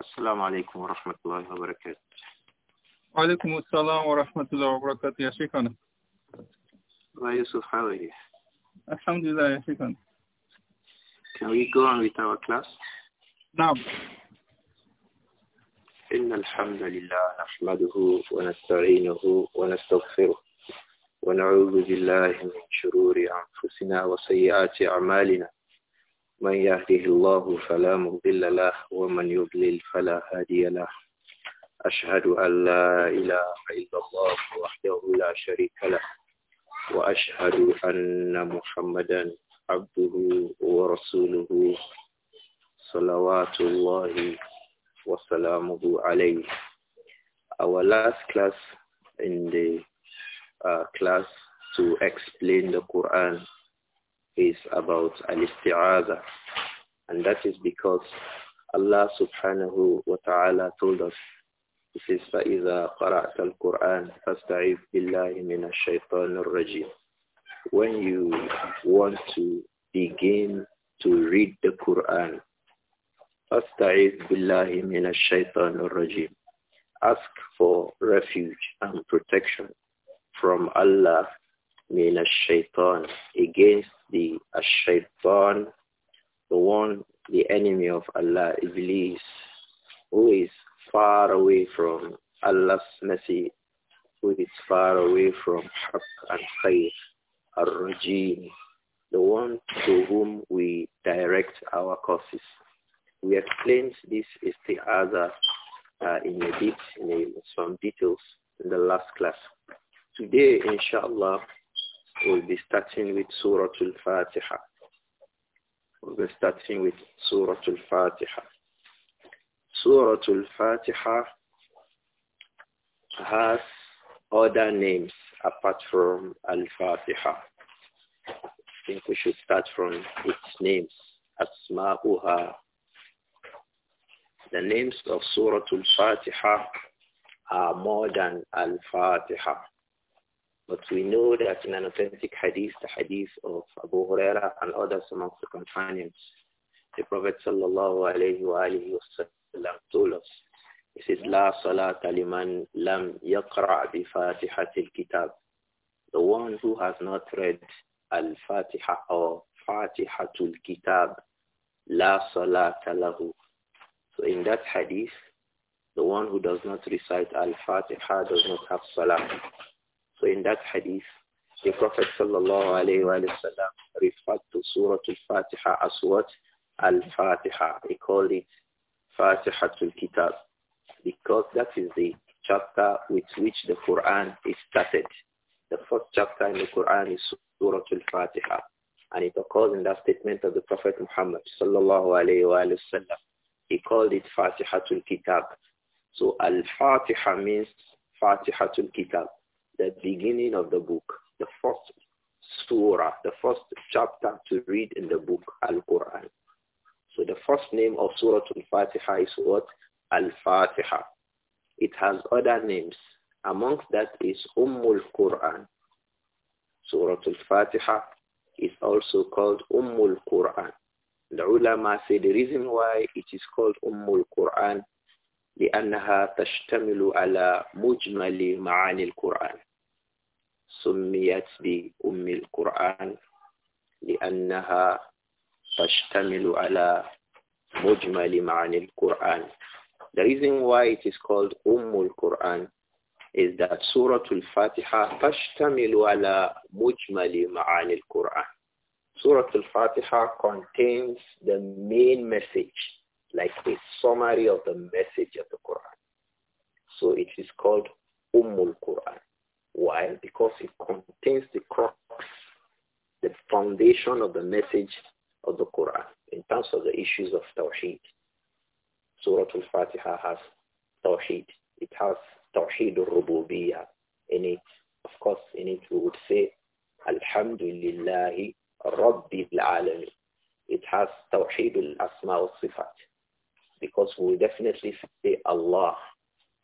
السلام عليكم ورحمة الله وبركاته وعليكم السلام ورحمة الله وبركاته يا شيخنا الله يوسف how are you? Alhamdulillah, ya Shaykhana. Can we go on with our class? نعم. إن الحمد لله نحمده ونستعينه ونستغفره ونعوذ بالله من شرور أنفسنا وسيئات أعمالنا من يهده الله فلا مضل له ومن يضلل فلا هادي له أشهد أن لا إله إلا الله وحده لا شريك له وأشهد أن محمدا عبده ورسوله صلوات الله وسلامه عليه Our last class in the uh, class to explain the Quran is about al-isti'aza. And that is because Allah subhanahu wa ta'ala told us, this is فَإِذَا قَرَأْتَ الْقُرْآنَ فَاسْتَعِذْ بِاللَّهِ مِنَ الشَّيْطَانِ الرَّجِيمِ When you want to begin to read the Quran, فَاسْتَعِذْ بِاللَّهِ مِنَ الشَّيْطَانِ الرَّجِيمِ Ask for refuge and protection from Allah min ash-shaytan, against the ash-shaytan, the one, the enemy of Allah, Iblis, who is far away from Allah's mercy, who is far away from haq and khair, ar-rajim, the one to whom we direct our courses. We explained this is the other uh, in a bit, in a, some details in the last class. Today, inshallah, We'll be starting with Surah Al-Fatiha. We'll be starting with Surah Al-Fatiha. Surah Al-Fatiha has other names apart from Al-Fatiha. I think we should start from its names. Asma'uha. The names of Surah Al-Fatiha are more than Al-Fatiha. But we know that in an authentic hadith, the hadith of Abu Huraira and others amongst the companions, the Prophet sallallahu alayhi wa alayhi wa told us, he says, La salata liman lam yaqra' bi fatihatil kitab. The one who has not read al-fatiha or fatihatul kitab, la salata lahu. So in that hadith, the one who does not recite al-fatiha does not have salah. So in that hadith, the Prophet sallallahu alayhi wa sallam referred to Surah Al-Fatiha as what? Al-Fatiha. He called it Fatihatul Kitab because that is the chapter with which the Quran is started. The first chapter in the Quran is Surah Al-Fatiha and it occurs in that statement of the Prophet Muhammad sallallahu alayhi wa sallam. He called it Fatihatul Kitab. So Al-Fatiha means Fatihatul Kitab the beginning of the book, the first surah, the first chapter to read in the book, Al-Quran. So the first name of Surah Al-Fatiha is what? Al-Fatiha. It has other names. Amongst that is Ummul Quran. Surah Al-Fatiha is also called Ummul Quran. The ulama say the reason why it is called Ummul Quran لأنها تشتمل على مجمل معاني القرآن سميت بأم القرآن لأنها تشتمل على مجمل معاني القرآن. The reason why it is called أم القرآن is that Surah Al-Fatiha تشتمل على مجمل معاني القرآن. Surah Al-Fatiha contains the main message, like a summary of the message of the Quran. So it is called Ummul Quran. Why? Because it contains the crux, the foundation of the message of the Quran in terms of the issues of Tawheed. Surah Al-Fatiha has Tawheed. It has Tawheed al-Rububiyyah in it. Of course, in it we would say Alhamdulillahi Rabbil Alamin. It has Tawheed al-Asma al-Sifat because we definitely say Allah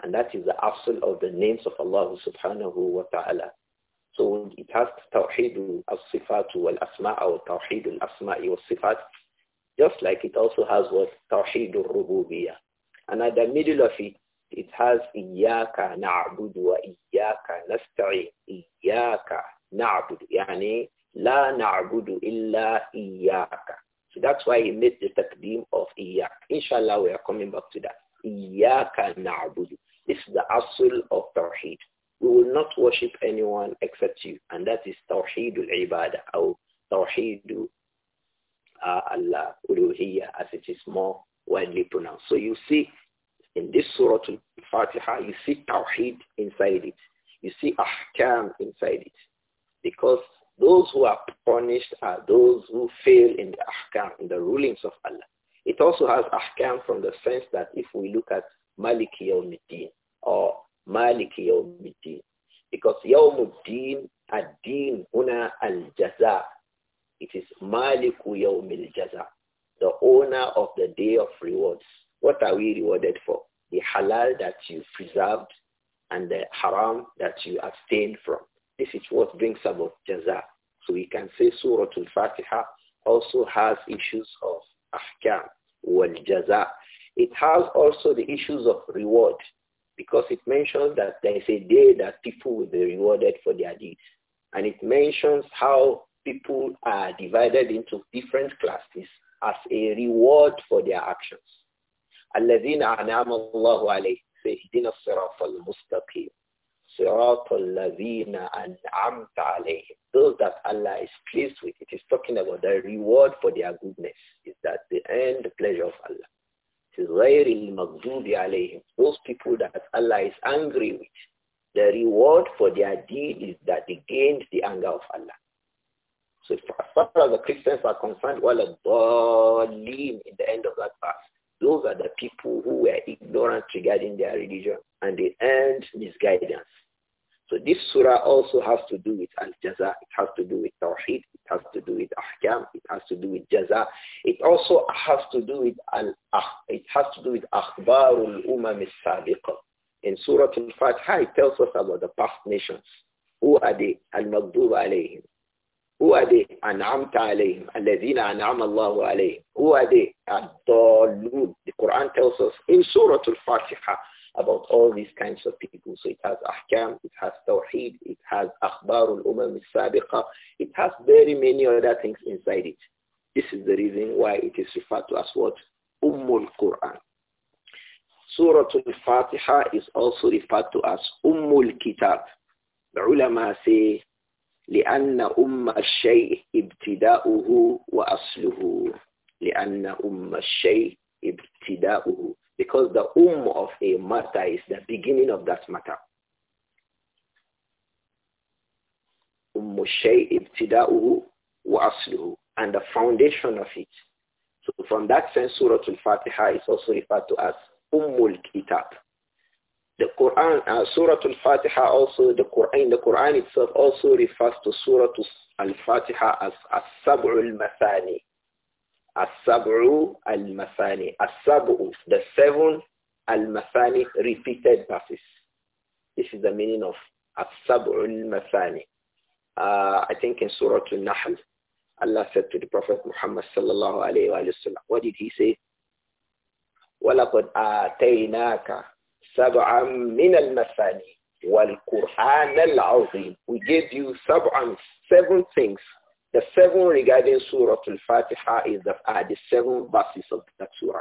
and that is the absol of the names of Allah subhanahu wa ta'ala. So it has Tawheed al-Sifat wal asmaa or Tawheed al-Asma' wal-Sifat, just like it also has what Tawheed al-Rububiyyah. And at the middle of it, it has إياك نعبد وإياك نستعين إياك نعبد يعني لا نعبد إلا إياك So that's why he made the takdim of إياك Inshallah we are coming back to that إياك نعبد this is the asul of tawheed. We will not worship anyone except you. And that is tawheedul ibadah or tawheedul uh, Allah uluhiyya as it is more widely pronounced. So you see in this surah al-Fatiha, you see tawheed inside it. You see ahkam inside it. Because those who are punished are those who fail in the ahkam, in the rulings of Allah. It also has ahkam from the sense that if we look at Maliki or Maliki Because Yawmuddin, Ad-Din, Huna Al-Jaza. It is Maliku Yawmil Jaza, the owner of the day of rewards. What are we rewarded for? The halal that you preserved and the haram that you abstained from. This is what brings about Jaza. So we can say Surah Al-Fatiha also has issues of ahkam wal jaza it has also the issues of reward because it mentions that there is a day that people will be rewarded for their deeds. And it mentions how people are divided into different classes as a reward for their actions. Those that Allah is pleased with, it is talking about the reward for their goodness, is that the end pleasure of Allah those people that Allah is angry with the reward for their deed is that they gained the anger of Allah so as far as the Christians are concerned وَلَضَالِّينَ well, in the end of that verse those are the people who were ignorant regarding their religion and they earned misguidance so this surah also has to do with al-jaza, it has to do with tawheed, it has to do with ahkam, it has to do with jaza. It also has to do with al ah, it has to do with akhbarul umam In surah al-Fatiha, it tells us about the past nations. Who are they? Al-maghdub alayhim. Who are they? An'amta alayhim. Alladhina an'ama Allahu alayhim. Who are they? al dallun The Quran tells us in surah al-Fatiha, about all these kinds of people. So it has ahkam, it has tawheed, it has akhbarul umam sabiqa, it has very many other things inside it. This is the reason why it is referred to as what? Ummul Quran. Surah Al-Fatiha is also referred to as Ummul Kitab. The ulama say, لأن أم الشيء ابتداؤه وأصله لأن أم الشيء ابتداؤه because the umm of a matter is the beginning of that matter. And the foundation of it. So from that sense, Surah Al-Fatiha is also referred to as Ummul Kitab. The Quran, uh, Surah Al-Fatiha also, the Quran, the Quran itself also refers to Surah Al-Fatiha as As-Sab'ul Mathani as al-masani. as the seven al-masani repeated verses. This is the meaning of as al-masani. Uh, I think in Surah Al-Nahl, Allah said to the Prophet Muhammad sallallahu alayhi wa sallam, what did he say? وَلَقَدْ آتَيْنَاكَ سَبْعًا مِنَ الْمَثَانِي وَالْقُرْآنَ الْعَظِيمِ We gave you seven things the seven regarding Surah Al-Fatiha is the, are the seven verses of that surah.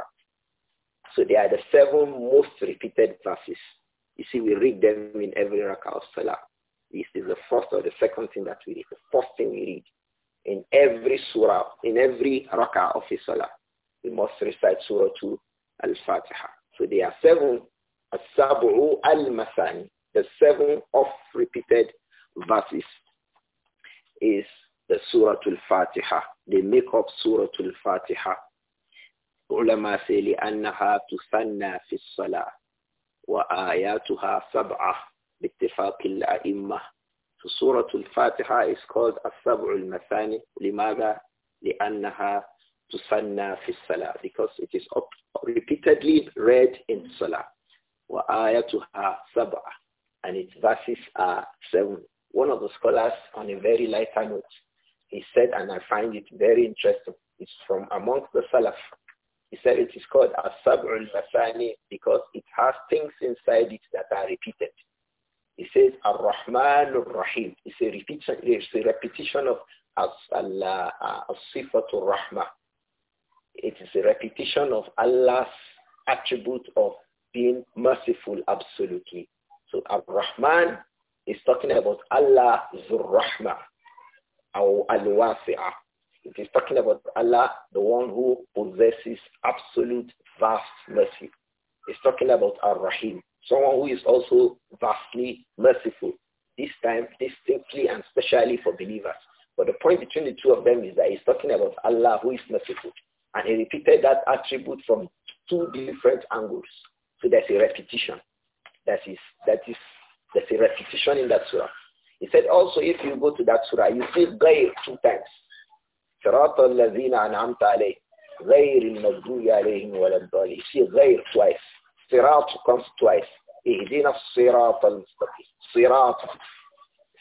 So they are the seven most repeated verses. You see, we read them in every rakah of salah. This is the first or the second thing that we read, the first thing we read in every surah, in every rakah of a salah. We must recite Surah to Al-Fatiha. So they are seven, As-Sab'u Al-Masani, the seven oft-repeated verses is the Surah Al-Fatiha. They make up Surah Al-Fatiha. Ulama say لأنها تثنى في الصلاة وآياتها سبعة باتفاق الأئمة. So Surah Al-Fatiha is called السبع المثاني. لماذا؟ لأنها تثنى في الصلاة because it is up, repeatedly read in Salah. وآياتها سبعة and its verses are seven. One of the scholars on a very lighter note he said, and I find it very interesting. It's from amongst the Salaf. He said it is called As-Sab'ul Masani because it has things inside it that are repeated. He says Ar-Rahman Ar-Rahim. It's a repetition, it's a repetition of uh, As-Sifatul Rahman. It is a repetition of Allah's attribute of being merciful absolutely. So Ar-Rahman is talking about Allah zur Rahman. It is talking about Allah, the one who possesses absolute vast mercy. It's talking about Ar-Rahim, someone who is also vastly merciful. This time, distinctly and specially for believers. But the point between the two of them is that he's talking about Allah who is merciful. And he repeated that attribute from two different angles. So there's a repetition. That is, that is, there's a repetition in that surah. He said also if you go to that surah, you see غير two times. صراط الذين أنعمت عليه غير المغضوب عليهم ولا الضالين. See غير twice. صراط comes twice. اهدنا الصراط المستقيم. صراط.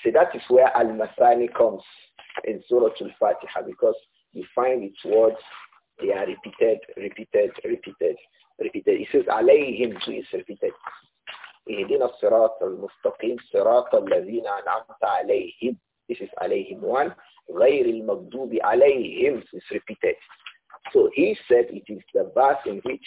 See that is where al-masani comes in Surah Al-Fatiha because you find its words they are repeated, repeated, repeated, repeated. It says "عليهِم" too is repeated. اهدنا الصراط المستقيم صراط الذين أنعمت عليهم This is عليهم one غير المغضوب عليهم is repeated. So he said it is the verse in which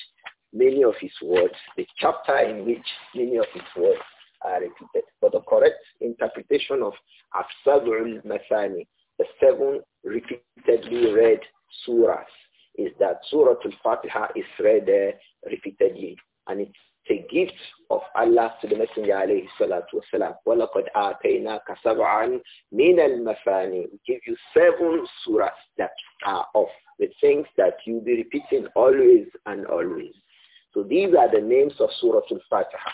many of his words, the chapter in which many of his words are repeated. But the correct interpretation of al Masani, the seven repeatedly read surahs, is that Surah Al-Fatiha is read uh, repeatedly. And it's a gift of Allah to the Messenger alayhi salatu wasalam. We give you seven surahs that are of the things that you'll be repeating always and always. So these are the names of Surah Al-Fatiha.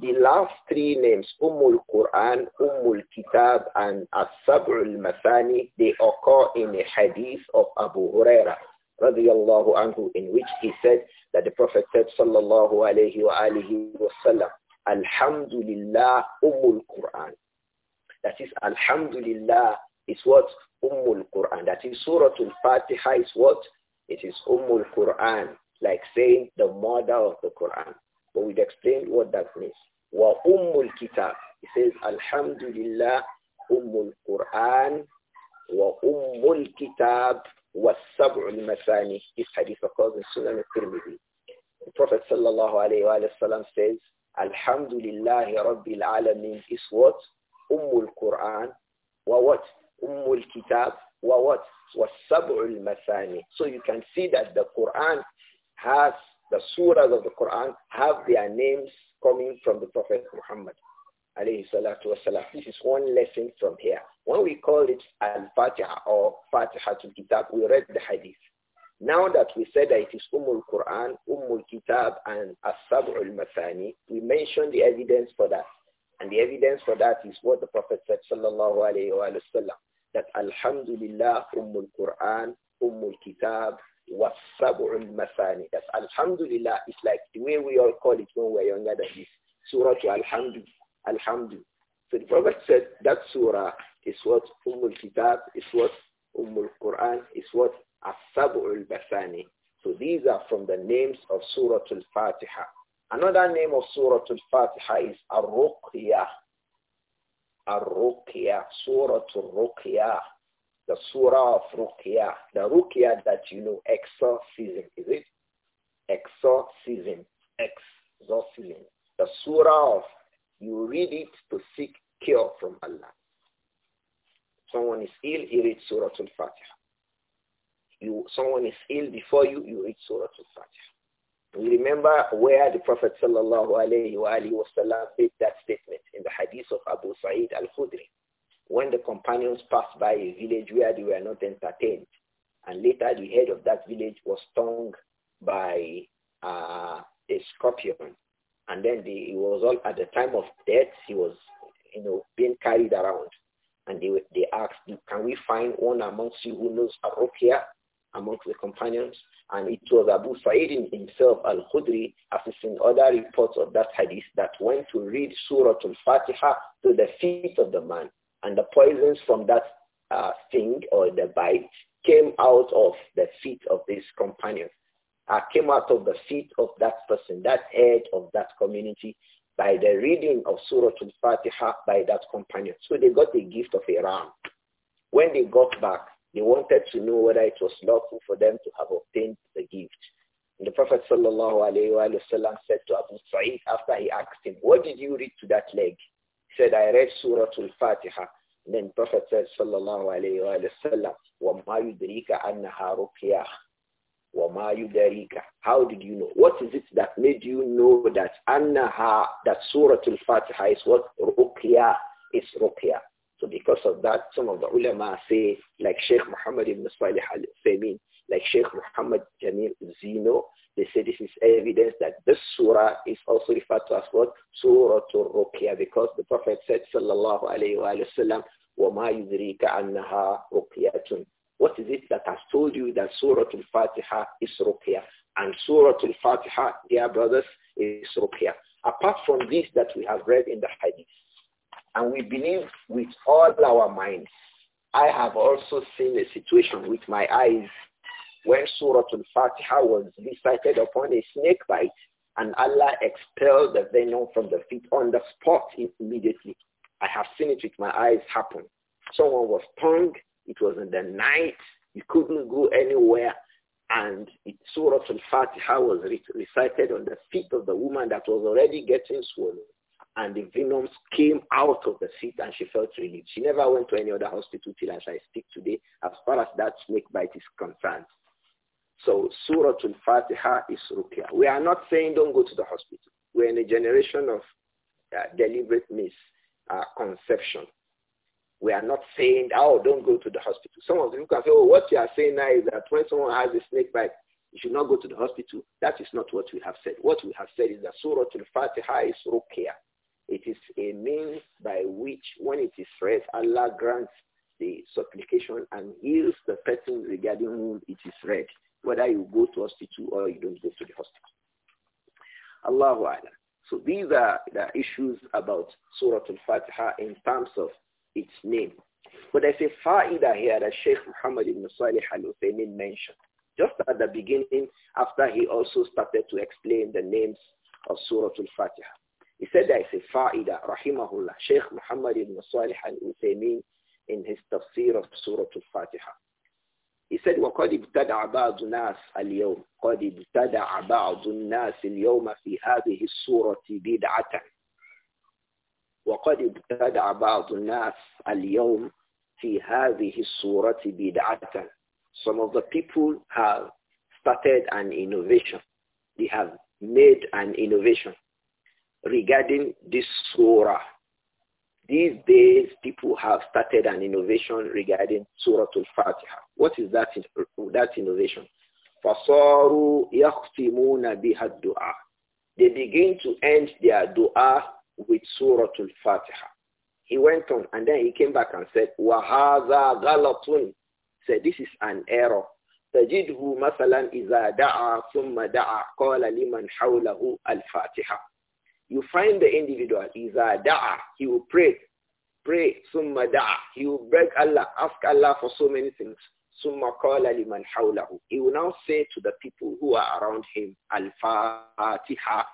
The last three names, Ummul Quran, Ummul Kitab, and As-Sab'ul Masani, they occur in a hadith of Abu Huraira, radiallahu anhu, in which he said, that the Prophet said, sallallahu alayhi wa alihi sallam, Alhamdulillah Ummul Quran. That is, Alhamdulillah is what? Ummul Quran. That is, Surah Al-Fatiha is what? It is Ummul Quran, like saying the mother of the Quran. But we will explain what that means. Wa Ummul Kitab. It says, Alhamdulillah Ummul Quran wa Ummul Kitab وَالسَّبْعُ الْمَثَانِي The Prophet sallallahu alayhi wa sallam says, Alhamdulillahi is what? Ummul Quran what? Ummul Kitab wa what? وَالسَّبْعُ الْمَثَانِي So you can see that the Quran has, the surahs of the Quran have their names coming from the Prophet Muhammad alayhi salatu This is one lesson from here. When we call it Al-Fatiha or Fatiha to Kitab, we read the hadith. Now that we said that it is umul Quran, umul Kitab, and As-Sab'ul Masani, we mentioned the evidence for that. And the evidence for that is what the Prophet said, sallallahu alayhi wa sallam, that Alhamdulillah, umul Quran, umul Kitab, was Sab'ul Masani. That Alhamdulillah is like the way we all call it when we are younger than this. Surah to Alhamdulillah. Alhamdulillah. So the Prophet said that surah is what Ummul Kitab, is what Ummul Quran, is what as Basani. So these are from the names of Surah Al-Fatiha. Another name of Surah Al-Fatiha is Ar-Ruqya. Ar-Ruqya, Surah Al-Ruqya, the Surah of Ruqya, the Ruqya that you know, exorcism, is it? Exorcism, exorcism, the Surah of you read it to seek cure from Allah. Someone is ill, he reads Surah Al-Fatiha. You, someone is ill before you, you read Surah Al-Fatiha. You remember where the Prophet sallallahu alayhi wa made that statement in the hadith of Abu Sa'id al-Khudri. When the companions passed by a village where they were not entertained, and later the head of that village was stung by uh, a scorpion. And then the, he was all, at the time of death, he was, you know, being carried around. And they, they asked, can we find one amongst you who knows Arukia amongst the companions? And it was Abu Sa'id himself, Al-Khudri, as is other reports of that hadith, that went to read Surah Al-Fatiha to the feet of the man. And the poisons from that uh, thing or the bite came out of the feet of these companions. I came out of the feet of that person, that head of that community, by the reading of Surah Al-Fatiha by that companion. So they got the gift of a ram. When they got back, they wanted to know whether it was lawful for them to have obtained the gift. And the Prophet sallallahu said to Abu Sa'id after he asked him, what did you read to that leg? He said, I read Surah Al-Fatiha. Then the Prophet said sallallahu alayhi wa sallam, وَمَا يُدْرِيكَ أَنَّهَا رُقْيَةٌ how did you know? What is it that made you know that أَنَّهَا That Surah Al-Fatiha is what? Ruqya is Ruqya. So because of that, some of the ulama say, like Sheikh Muhammad ibn Salih al-Faymin, like Sheikh Muhammad Jamil Zino, they say this is evidence that this surah is also referred to as what? Surah Ruqya, because the Prophet said, sallallahu alayhi wa sallam, وَمَا يُدْرِيكَ أَنَّهَا رُقْيَةٌ what is it that has told you that Surah Al-Fatiha is Ruqya and Surah Al-Fatiha, dear brothers, is Ruqya? Apart from this that we have read in the Hadith, and we believe with all our minds, I have also seen a situation with my eyes when Surah Al-Fatiha was recited upon a snake bite and Allah expelled the venom from the feet on the spot immediately. I have seen it with my eyes happen. Someone was stung it was in the night. You couldn't go anywhere. And it, Surah Al-Fatiha was re recited on the feet of the woman that was already getting swollen. And the venoms came out of the feet and she felt relieved. She never went to any other hospital till as I speak today as far as that snake bite is concerned. So Surah Al-Fatiha is rukia. We are not saying don't go to the hospital. We're in a generation of uh, deliberate misconception. Uh, we are not saying, oh, don't go to the hospital. Some of you can say, oh, what you are saying now is that when someone has a snake bite, you should not go to the hospital. That is not what we have said. What we have said is that Surah Al-Fatiha is ruqya. It is a means by which, when it is read, Allah grants the supplication and heals the person regarding whom it is read, whether you go to hospital or you don't go to the hospital. Allahu Alam. So these are the issues about Surah Al-Fatiha in terms of its name. But there's a faida here that Sheikh Muhammad ibn Salih al-Uthaymeen mentioned. Just at the beginning, after he also started to explain the names of Surah al-Fatiha. He said there is a faida, rahimahullah, Sheikh Muhammad ibn Salih al-Uthaymeen in his tafsir of Surah al-Fatiha. He said, وَقَدْ ابْتَدَعَ بَعْضُ النَّاسِ الْيَوْمِ قَدْ ابْتَدَعَ بَعْضُ النَّاسِ الْيَوْمَ فِي هَذِهِ السُّورَةِ بِدْعَةً وقد ابتدع بعض الناس اليوم في هذه الصورة بدعة. Some of the people have started an innovation. They have made an innovation regarding this surah. These days, people have started an innovation regarding Surah Al-Fatiha. What is that, that innovation? فَصَارُوا يَخْتِمُونَ بِهَا الدُّعَى They begin to end their dua with Surah Al-Fatiha. He went on and then he came back and said, وَهَذَا غَلَطٌ Said, this is an error. تجده مثلا إذا دعا ثم دعا قال لمن حوله الفاتحة. You find the individual, إذا he will pray, pray, ثم دعا, he will beg Allah, ask Allah for so many things. ثم قال لمن حوله. He will now say to the people who are around him, الفاتحة.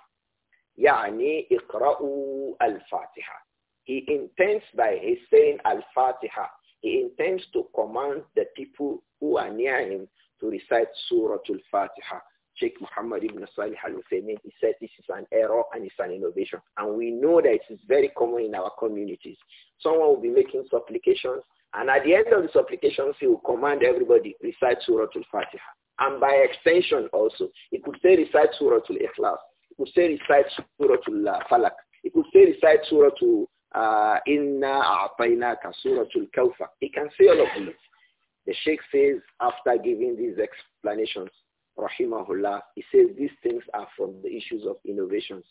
يعني اقرأوا الفاتحة. He intends by his saying al-Fatiha, he intends to command the people who are near him to recite Surah al-Fatiha. Sheikh Muhammad ibn Salih al-Uthaymeen, he said this is an error and it's an innovation. And we know that it is very common in our communities. Someone will be making supplications, and at the end of the supplications, he will command everybody, recite Surah al-Fatiha. And by extension also, he could say recite Surah al-Ikhlas he could say recite Surah to Falak. He could say recite Surah to uh, Inna A'tainaka, Surah to Kawfa. He can say all of this. The Sheikh says, after giving these explanations, Rahimahullah, he says these things are from the issues of innovations.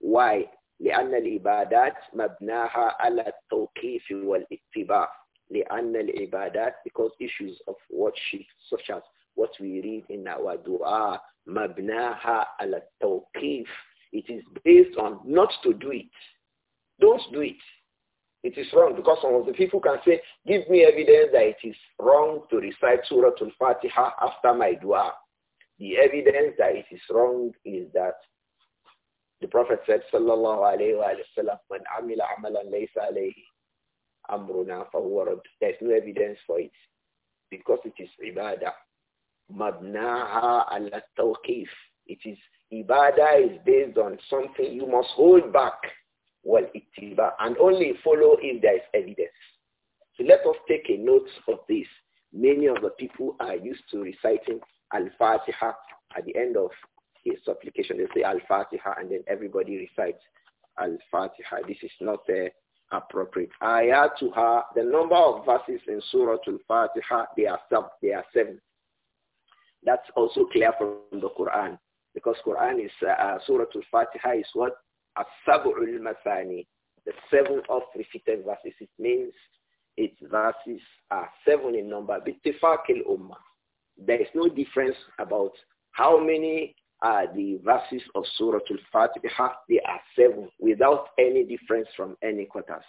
Why? لأن العبادات مبناها على التوقيف والاتباع لأن العبادات because issues of worship such as what we read in our dua mabnaha ala tawqif. It is based on not to do it. Don't do it. It is wrong because some of the people can say, give me evidence that it is wrong to recite Surah Al-Fatiha after my dua. The evidence that it is wrong is that the Prophet said, sallallahu alayhi wa sallam, man amila amalan laysa alayhi amruna fahuwa There's no evidence for it because it is ibadah mabnaha ala tawqif. It is ibadah is based on something you must hold back. Well, ittiba and only follow if there is evidence. So let us take a note of this. Many of the people are used to reciting Al-Fatiha at the end of a supplication. They say Al-Fatiha and then everybody recites Al-Fatiha. This is not uh, appropriate. Ayatuha, the number of verses in Surah Al-Fatiha, they are, they are seven. That's also clear from the Quran because Quran is uh, uh Surah Al-Fatiha is what as Masani, the seven of repeated verses. It means its verses are seven in number. Bittifaq There is no difference about how many are the verses of Surah Al-Fatiha. They are seven without any difference from any quarters.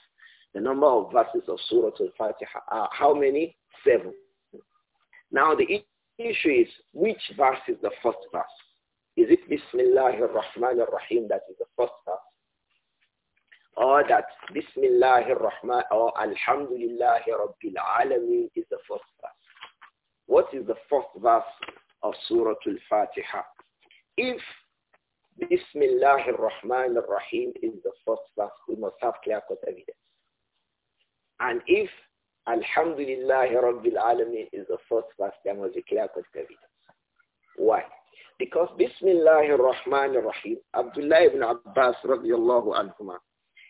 The number of verses of Surah Al-Fatiha are how many? Seven. Now the issue is which verse is the first verse? Is it Bismillah ar-Rahman ar-Rahim that is the first verse? Or that Bismillah ar-Rahman or Alhamdulillah Rabbil Alameen is the first verse? What is the first verse of Surah Al-Fatiha? If Bismillah ar-Rahman ar-Rahim is the first verse, we must have clear-cut evidence. And if Alhamdulillah Rabbil Alameen is the first verse that was declared as Why? Because Bismillah ar-Rahman ar-Rahim, Abdullah ibn Abbas radiallahu anhuma,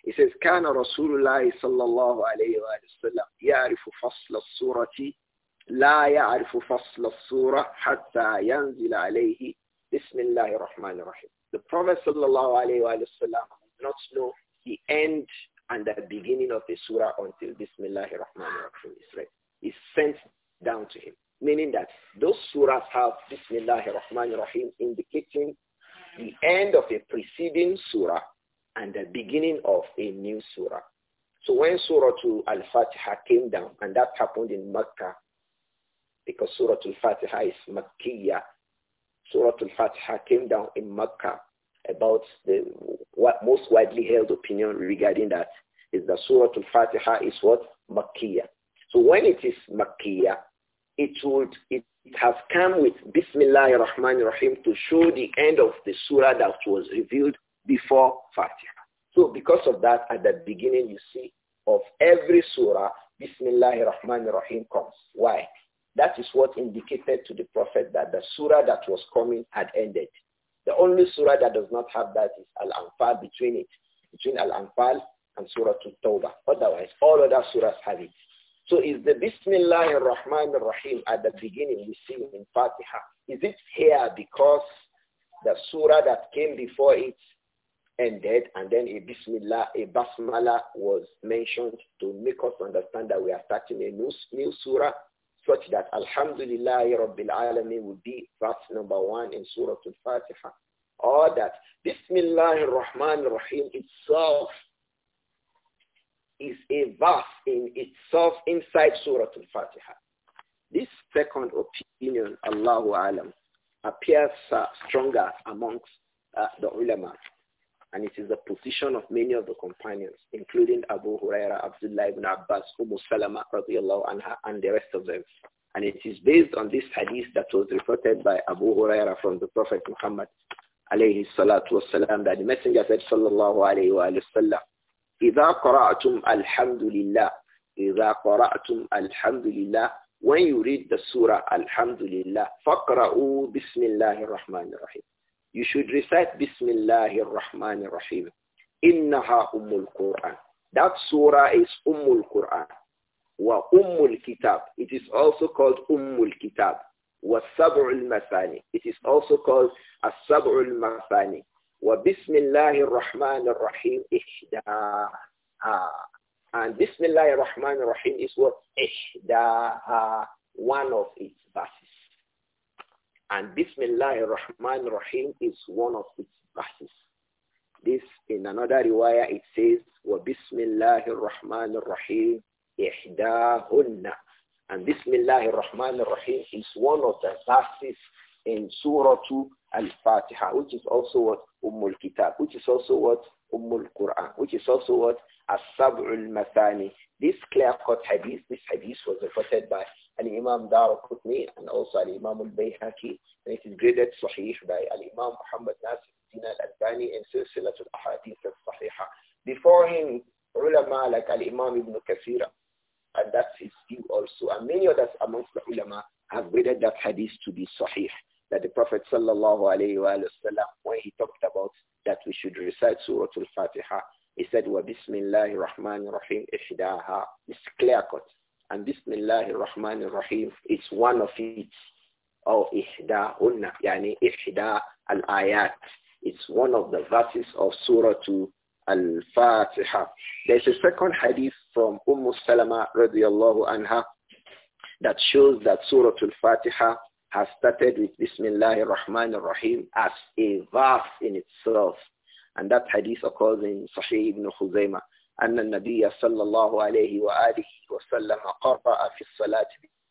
he says, كان رسول الله صلى الله عليه وسلم يعرف فصل الصورة لا يعرف فصل الصورة حتى ينزل عليه بسم الله الرحمن الرحيم. The Prophet صلى الله عليه وسلم did not know the end and the beginning of the surah until this is read. Is sent down to him, meaning that those surahs have Bismillahirrahmanirrahim indicating the end of a preceding surah and the beginning of a new surah. So when Surah Al-Fatiha came down, and that happened in Mecca, because Surah Al-Fatiha is Makkiyah, Surah Al-Fatiha came down in Mecca about the what most widely held opinion regarding that is that Surah Al-Fatiha is what? Makkiyah. So when it is Makkiyah, it would it has come with Bismillah ar-Rahman rahim to show the end of the surah that was revealed before Fatiha. So because of that, at the beginning you see of every surah, Bismillah ar-Rahman rahim comes. Why? That is what indicated to the prophet that the surah that was coming had ended. The only surah that does not have that is Al-Anfal between it, between Al-Anfal and Surah Al-Tawbah. Otherwise, all other surahs have it. So is the Bismillah ar-Rahman ar-Rahim at the beginning we see in Fatiha. Is it here because the surah that came before it ended and then a Bismillah, a Basmala was mentioned to make us understand that we are starting a new, new surah such that Alhamdulillah Rabbil Alameen would be verse number one in Surah Al-Fatiha. Or that Bismillah Rahman Rahim itself is a verse in itself inside Surah Al-Fatiha. This second opinion, Allahu Alam, appears uh, stronger amongst uh, the ulama and it is the position of many of the companions, including Abu Huraira, Abdullah ibn Abbas, Umm Salama, and the rest of them. And it is based on this hadith that was reported by Abu Huraira from the Prophet Muhammad, alayhi salatu wasalam, that the messenger said, sallallahu alayhi wa sallam, إِذَا قَرَأْتُمْ الْحَمْدُ لِلَّهِ إِذَا قَرَأْتُمْ الْحَمْدُ لِلَّهِ When you read the surah, Alhamdulillah, فَقْرَأُوا بِسْمِ اللَّهِ الرَّحْمَنِ الرَّحِيمِ you should recite Bismillahir Rahmanir Rahim. Innaha Ummul Quran. That surah is Ummul Quran. Wa Ummul Kitab. It is also called Ummul Kitab. Wa Sab'ul Masani. It is also called As-Sab'ul Masani. Wa Bismillahir Rahmanir Rahim Ihdaha. And Bismillahir Rahmanir Rahim is what? Ihdaha. One of its verses. And Bismillah ar-Rahman rahim is one of its verses. This, in another riwayah, it says, "Wa ar rahman rahim Hunna." And Bismillah ar-Rahman rahim is one of the verses in Surah Al-Fatiha, which is also what Ummul Kitab, which is also what Ummul Quran, which is also what As-Sab'ul Mathani. This clear-cut hadith, this hadith was reported by Al-Imam Dar Qutni and also Al-Imam Al-Bayhaqi. And it is graded Sahih by Al-Imam Muhammad Nasir Al-Albani in Silsilat Al-Ahadith Al-Sahihah. Before him, ulama like Al-Imam Ibn Kathira, and that's his view also. And many others amongst the ulama have graded that hadith to be Sahih. That the Prophet sallallahu alayhi wa sallam, when he talked about that we should recite Surah Al-Fatiha, he said, وَبِسْمِ اللَّهِ الرَّحْمَنِ الرَّحِيمِ إِحْدَاهَا It's clear cut. And Bismillah ar-Rahman rahim is one of it. Or unna, yani Ihda al-Ayat. It's one of the verses of Surah Al-Fatiha. There's a second hadith from Umm Salama radiallahu anha that shows that Surah Al-Fatiha has started with Bismillah ar-Rahman rahim as a verse in itself. And that hadith occurs in Sahih ibn Khuzaimah. أن النبي صلى الله عليه وآله وسلم قرأ في الصلاة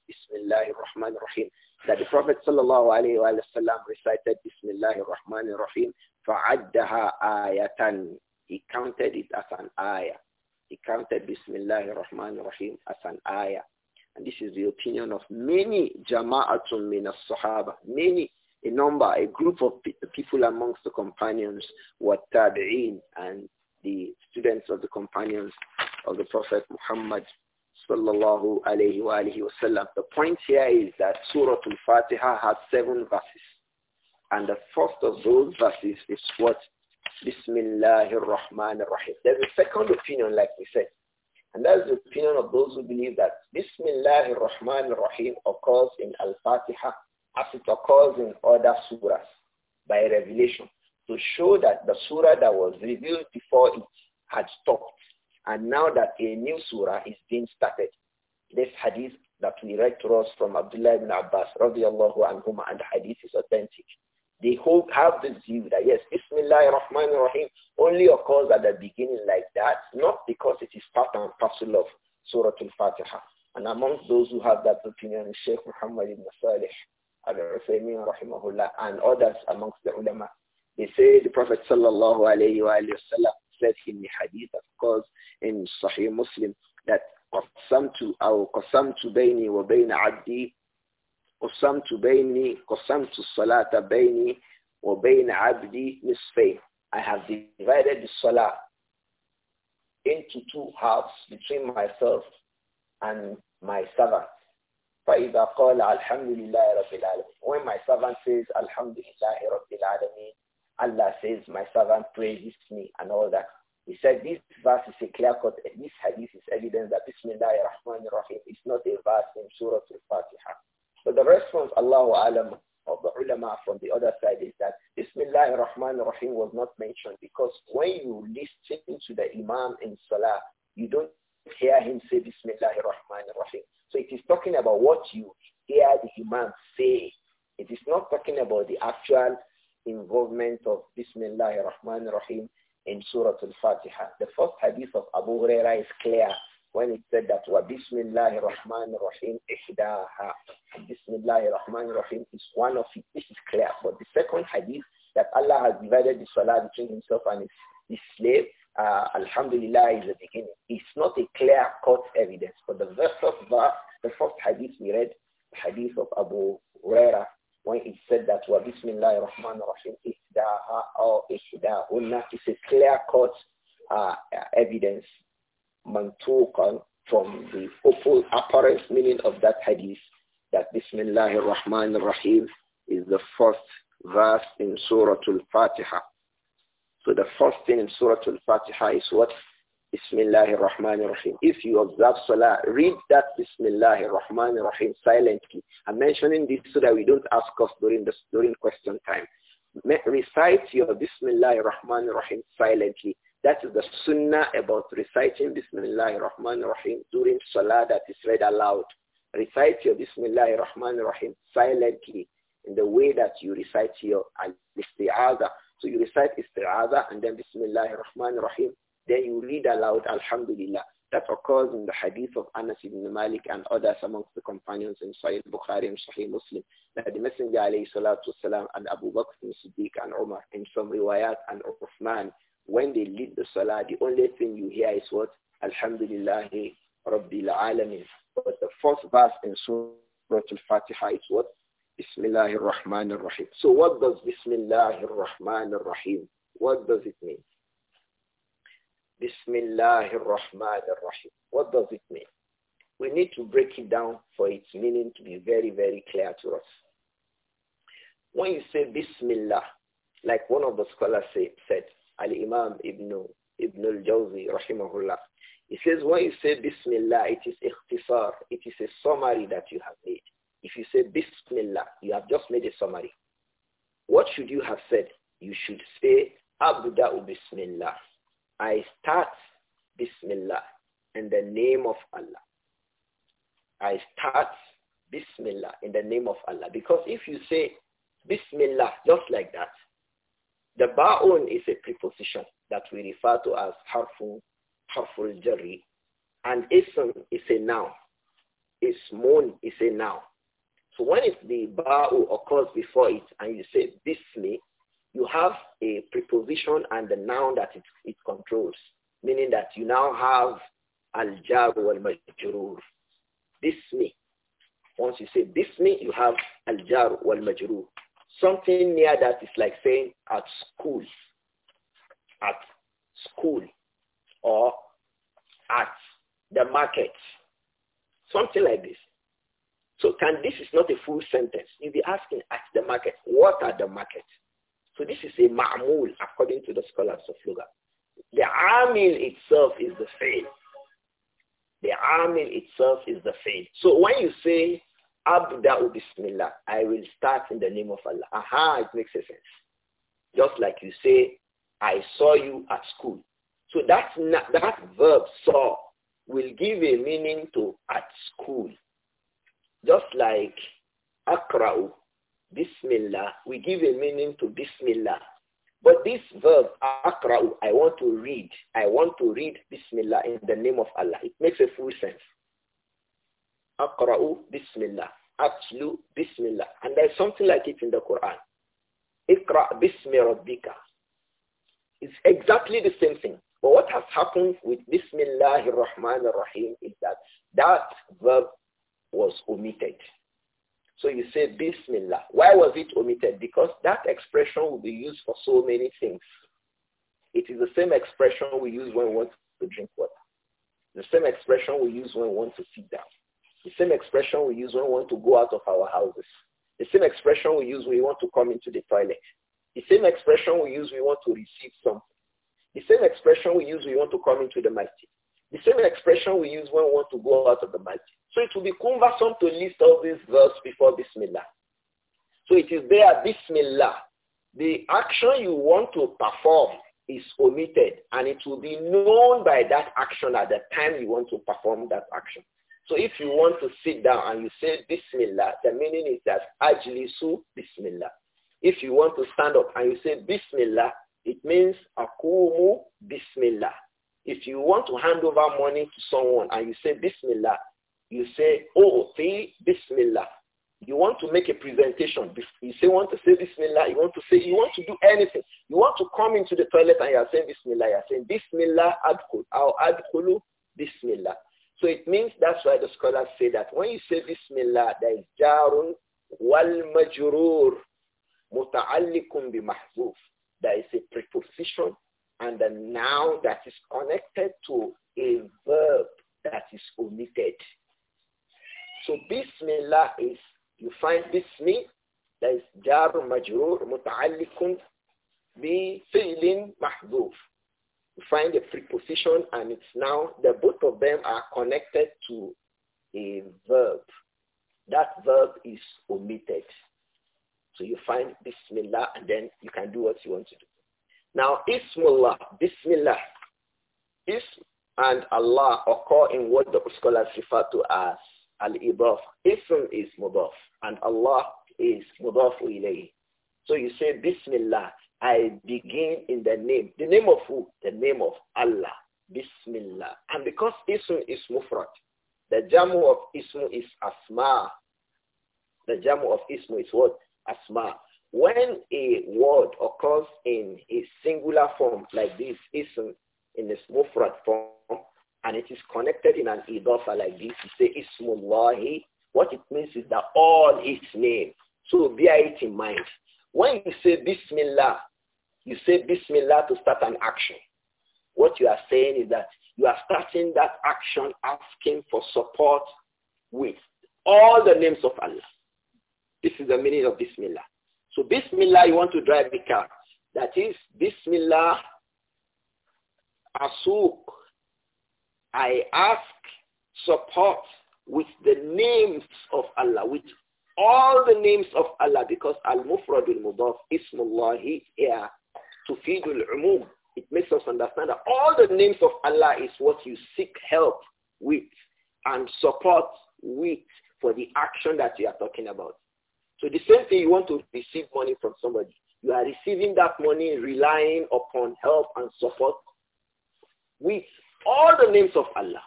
بسم الله الرحمن الرحيم that the Prophet صلى الله عليه وآله وسلم recited بسم الله الرحمن الرحيم فعدها آية he counted it as an ayah he counted بسم الله الرحمن الرحيم as an ayah and this is the opinion of many jama'atun من الصحابة many a number a group of people amongst the companions were tabi'in and the students of the companions of the Prophet Muhammad sallallahu alayhi wa alayhi wasallam. The point here is that Surah Al-Fatiha has seven verses. And the first of those verses is what? Bismillahir Rahmanir Rahim. There's a second opinion, like we said. And that's the opinion of those who believe that Bismillahir Rahmanir Rahim occurs in Al-Fatiha as it occurs in other surahs by revelation to show that the surah that was revealed before it had stopped. And now that a new surah is being started. This hadith that we read to us from Abdullah ibn Abbas radiallahu anhuma and the hadith is authentic. They hold, have this view that yes, Bismillah Rahman Rahim only occurs at the beginning like that, not because it is part and parcel of Surah Al-Fatiha. And amongst those who have that opinion, Sheikh Muhammad ibn Salih al-Uthaymeen rahimahullah and others amongst the ulama he said, the Prophet sallallahu alayhi wa said in the hadith, of course, in Sahih Muslim, that قسمت أو wa بيني وبين عبدي قسمت بيني قسمت الصلاة I have divided the salah into two halves between myself and my servant. فإذا قال الحمد لله رب العالمين When my servant says الحمد لله رب العالمين Allah says, my servant praises me and all that. He said this verse is a clear cut. This hadith is evidence that Bismillah ar rahim is not a verse in Surah Al-Fatiha. But the response, Allahu Alam, of the ulama from the other side is that Bismillah ar rahim was not mentioned because when you listen to the Imam in Salah, you don't hear him say Bismillah ar rahim So it is talking about what you hear the Imam say. It is not talking about the actual involvement of Bismillah ar-Rahman rahim in Surah Al-Fatiha. The first hadith of Abu Huraira is clear when it said that wa Bismillah ar-Rahman rahim ihdaha. Bismillah ar-Rahman rahim is one of it. This is clear. But the second hadith that Allah has divided the salah between himself and his, his slave, uh, Alhamdulillah is the beginning. It's not a clear-cut evidence. But the verse of the first hadith we read, hadith of Abu Huraira, when it said that wa bismillah rahman rahim ihdaha or ihdahunna is a clear-cut uh, evidence mantuqan from the full apparent meaning of that hadith that Bismillah ar-Rahman ar-Rahim is the first verse in Surah Al-Fatiha. So the first thing in Surah Al-Fatiha is what Bismillahir Rahmanir Rahim. If you observe Salah, read that Bismillahir Rahmanir Rahim silently. I'm mentioning this so that we don't ask us during, the, during question time. Recite your Bismillahir Rahmanir Rahim silently. That is the sunnah about reciting Bismillahir Rahmanir Rahim during Salah that is read aloud. Recite your Bismillahir Rahmanir Rahim silently in the way that you recite your Isti'aza. So you recite Isti'aza and then Bismillahir Rahmanir Rahim then you read aloud, Alhamdulillah. That occurs in the hadith of Anas ibn Malik and others amongst the companions in Sahih Bukhari and Sahih Muslim that the Messenger alayhi salatu wasalam, and Abu Bakr and Siddiq and Umar in some riwayat and Uthman, when they lead the salah, the only thing you hear is what? Alhamdulillahi Rabbil Alameen. But the fourth verse in Surah Al-Fatiha is what? Bismillahir Rahmanir Rahim. So what does Bismillahir Rahmanir Rahim? What does it mean? Bismillahir Rahmanir Rahim. What does it mean? We need to break it down for its meaning to be very, very clear to us. When you say Bismillah, like one of the scholars say, said, Al-Imam Ibn, Ibn al-Jawzi, rahimahullah, he says, when you say Bismillah, it is ikhtisar. It is a summary that you have made. If you say Bismillah, you have just made a summary. What should you have said? You should say, Abda'u Bismillah. I start Bismillah in the name of Allah. I start Bismillah in the name of Allah. Because if you say Bismillah just like that, the Ba'un is a preposition that we refer to as harful, harful jari. And Ism is a noun. Ismun is a noun. So when it's the Ba'u occurs before it and you say Bismi, you have a preposition and the noun that it, it controls, meaning that you now have al-jar wal-majrur. Bismi. Once you say bismi, you have al-jar wal-majrur. Something near that is like saying at school, at school, or at the market, something like this. So can this is not a full sentence. You'll be asking at the market, what are the markets? So this is a ma'mul according to the scholars of Luga. The amil itself is the fail. The amil itself is the fail. So when you say abda'u bismillah, I will start in the name of Allah. Aha, it makes sense. Just like you say, I saw you at school. So that, that verb saw will give a meaning to at school. Just like akra'u Bismillah, we give a meaning to Bismillah. But this verb, akra'u, I want to read. I want to read Bismillah in the name of Allah. It makes a full sense. Akra'u, Bismillah. Atlu, Bismillah. And there's something like it in the Quran. Ikra, Bismi Rabbika. It's exactly the same thing. But what has happened with Bismillahir Rahmanir Rahim is that that verb was omitted. So you say Bismillah. Why was it omitted? Because that expression will be used for so many things. It is the same expression we use when we want to drink water. The same expression we use when we want to sit down. The same expression we use when we want to go out of our houses. The same expression we use when we want to come into the toilet. The same expression we use we want to receive something. The same expression we use we want to come into the masjid. The same expression we use when we want to go out of the masjid. So it will be cumbersome to list all these verbs before Bismillah. So it is there, Bismillah. The action you want to perform is omitted and it will be known by that action at the time you want to perform that action. So if you want to sit down and you say Bismillah, the meaning is that Ajlisu Bismillah. If you want to stand up and you say Bismillah, it means Akumu Bismillah. If you want to hand over money to someone and you say Bismillah, you say, oh, fi bismillah. You want to make a presentation. You say, want to say bismillah. You want to say, you want to do anything. You want to come into the toilet and you are saying bismillah. You are saying bismillah adkhul. Or adkulu bismillah. So it means that's why the scholars say that when you say bismillah, there is jarun wal majrur muta'allikum bi mahzuf. There is a preposition and a noun that is connected to a verb that is omitted. So Bismillah is, you find Bismi, that is Jar Majrur Muta'allikun Bi Fi'lin Mahduf. You find the preposition and it's now, the both of them are connected to a verb. That verb is omitted. So you find Bismillah and then you can do what you want to do. Now, Ismullah, Bismillah, Ism and Allah occur in what the scholars refer to as al-ibaf. Ism is mudaf and Allah is mudaf ilayhi. So you say Bismillah. I begin in the name. The name of who? The name of Allah. Bismillah. And because ism is mufrad, the jamu of ism is asma. The jamu of ism is what? Asma. When a word occurs in a singular form like this, ism, in its mufrad form, and it is connected in an idafa like this. You say Ismullahi. What it means is that all his name. So bear it in mind. When you say Bismillah, you say Bismillah to start an action. What you are saying is that you are starting that action asking for support with all the names of Allah. This is the meaning of Bismillah. So Bismillah, you want to drive the car. That is Bismillah Asuk I ask support with the names of Allah, with all the names of Allah, because Al-Mufradul Mudaf, Ismullahi, here, Tufidul Umum. It makes us understand that all the names of Allah is what you seek help with and support with for the action that you are talking about. So the same thing, you want to receive money from somebody. You are receiving that money relying upon help and support with all the names of Allah.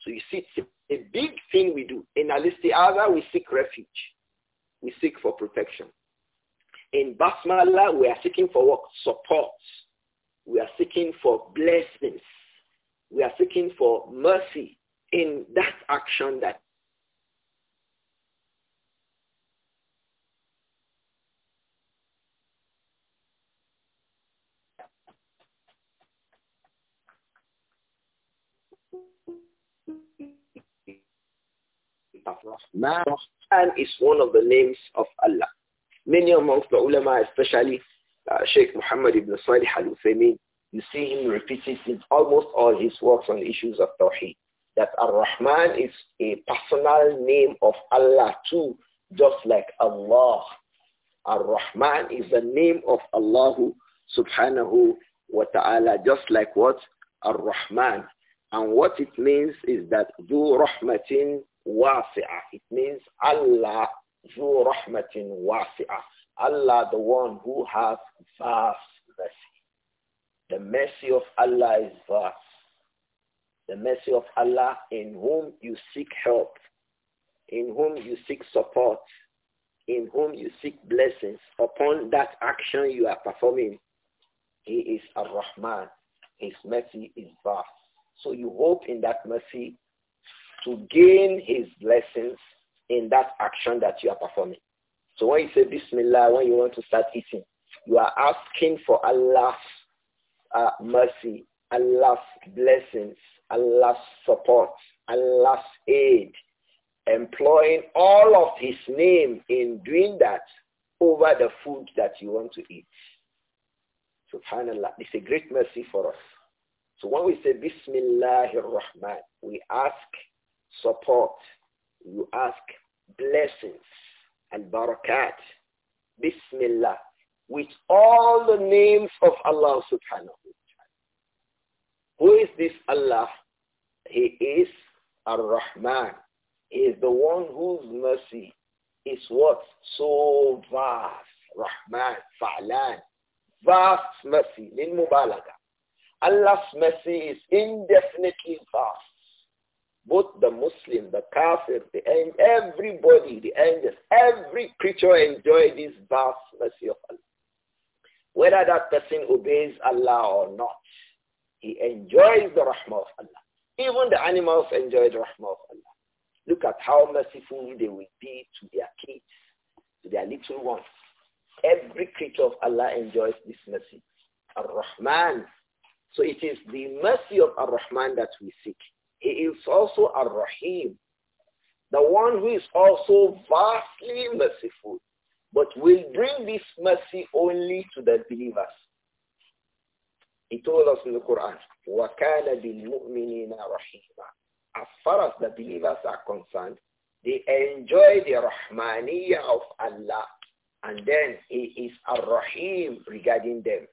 So you see, it's a big thing we do. In Al-Isti'adha, we seek refuge. We seek for protection. In Basmala, we are seeking for what? Support. We are seeking for blessings. We are seeking for mercy in that action that Al-Rahman is one of the names of Allah. Many amongst the ulama, especially uh, Sheikh Muhammad ibn Salih al-Uthaymeen, you see him repeating in almost all his works on issues of Tawheed, that Ar-Rahman is a personal name of Allah too, just like Allah. Ar-Rahman is the name of Allah subhanahu wa ta'ala, just like what? Ar-Rahman. And what it means is that ذو رحمة wasi'ah. It means Allah ذو رحمة wasi'ah. Allah the one who has vast mercy. The mercy of Allah is vast. The mercy of Allah in whom you seek help, in whom you seek support, in whom you seek blessings upon that action you are performing. He is a rahman His mercy is vast. So you hope in that mercy to gain his blessings in that action that you are performing. So when you say Bismillah, when you want to start eating, you are asking for Allah's uh, mercy, Allah's blessings, Allah's support, Allah's aid, employing all of his name in doing that over the food that you want to eat. Subhanallah. It's a great mercy for us. So when we say Bismillahir Rahman, we ask support. You ask blessings and barakat. Bismillah. With all the names of Allah subhanahu wa ta'ala. Who is this Allah? He is Ar-Rahman. He is the one whose mercy is what? So vast. Rahman, Fa'lan. Vast mercy. Lin Mubalaga. Allah's mercy is indefinitely vast both the Muslim, the Kafir, the angel, everybody, the angels, every creature enjoy this vast mercy of Allah. Whether that person obeys Allah or not, he enjoys the rahmah of Allah. Even the animals enjoy the rahmah of Allah. Look at how merciful they will be to their kids, to their little ones. Every creature of Allah enjoys this mercy. Ar-Rahman. So it is the mercy of Ar-Rahman that we seek. He is also Ar-Rahim, the one who is also vastly merciful, but will bring this mercy only to the believers. He told us in the Quran, وَكَانَ بِالْمُؤْمِنِينَ رَحِيمًا As far as the believers are concerned, they enjoy the Rahmaniyya of Allah, and then He is Ar-Rahim regarding them.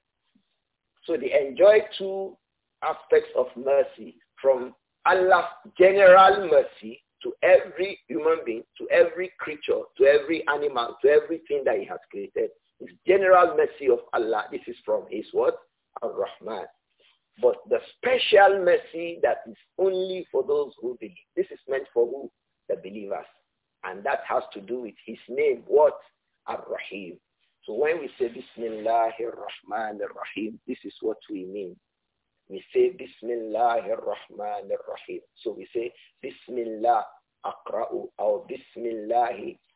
So they enjoy two aspects of mercy from Allah's general mercy to every human being, to every creature, to every animal, to everything that he has created. His general mercy of Allah, this is from his word, Ar-Rahman. But the special mercy that is only for those who believe. This is meant for who? The believers. And that has to do with his name, what? Ar-Rahim. So when we say Bismillahir ar Rahim, this is what we mean we say Bismillah al-Rahman ar Rahim. So we say Bismillah akra'u or Bismillah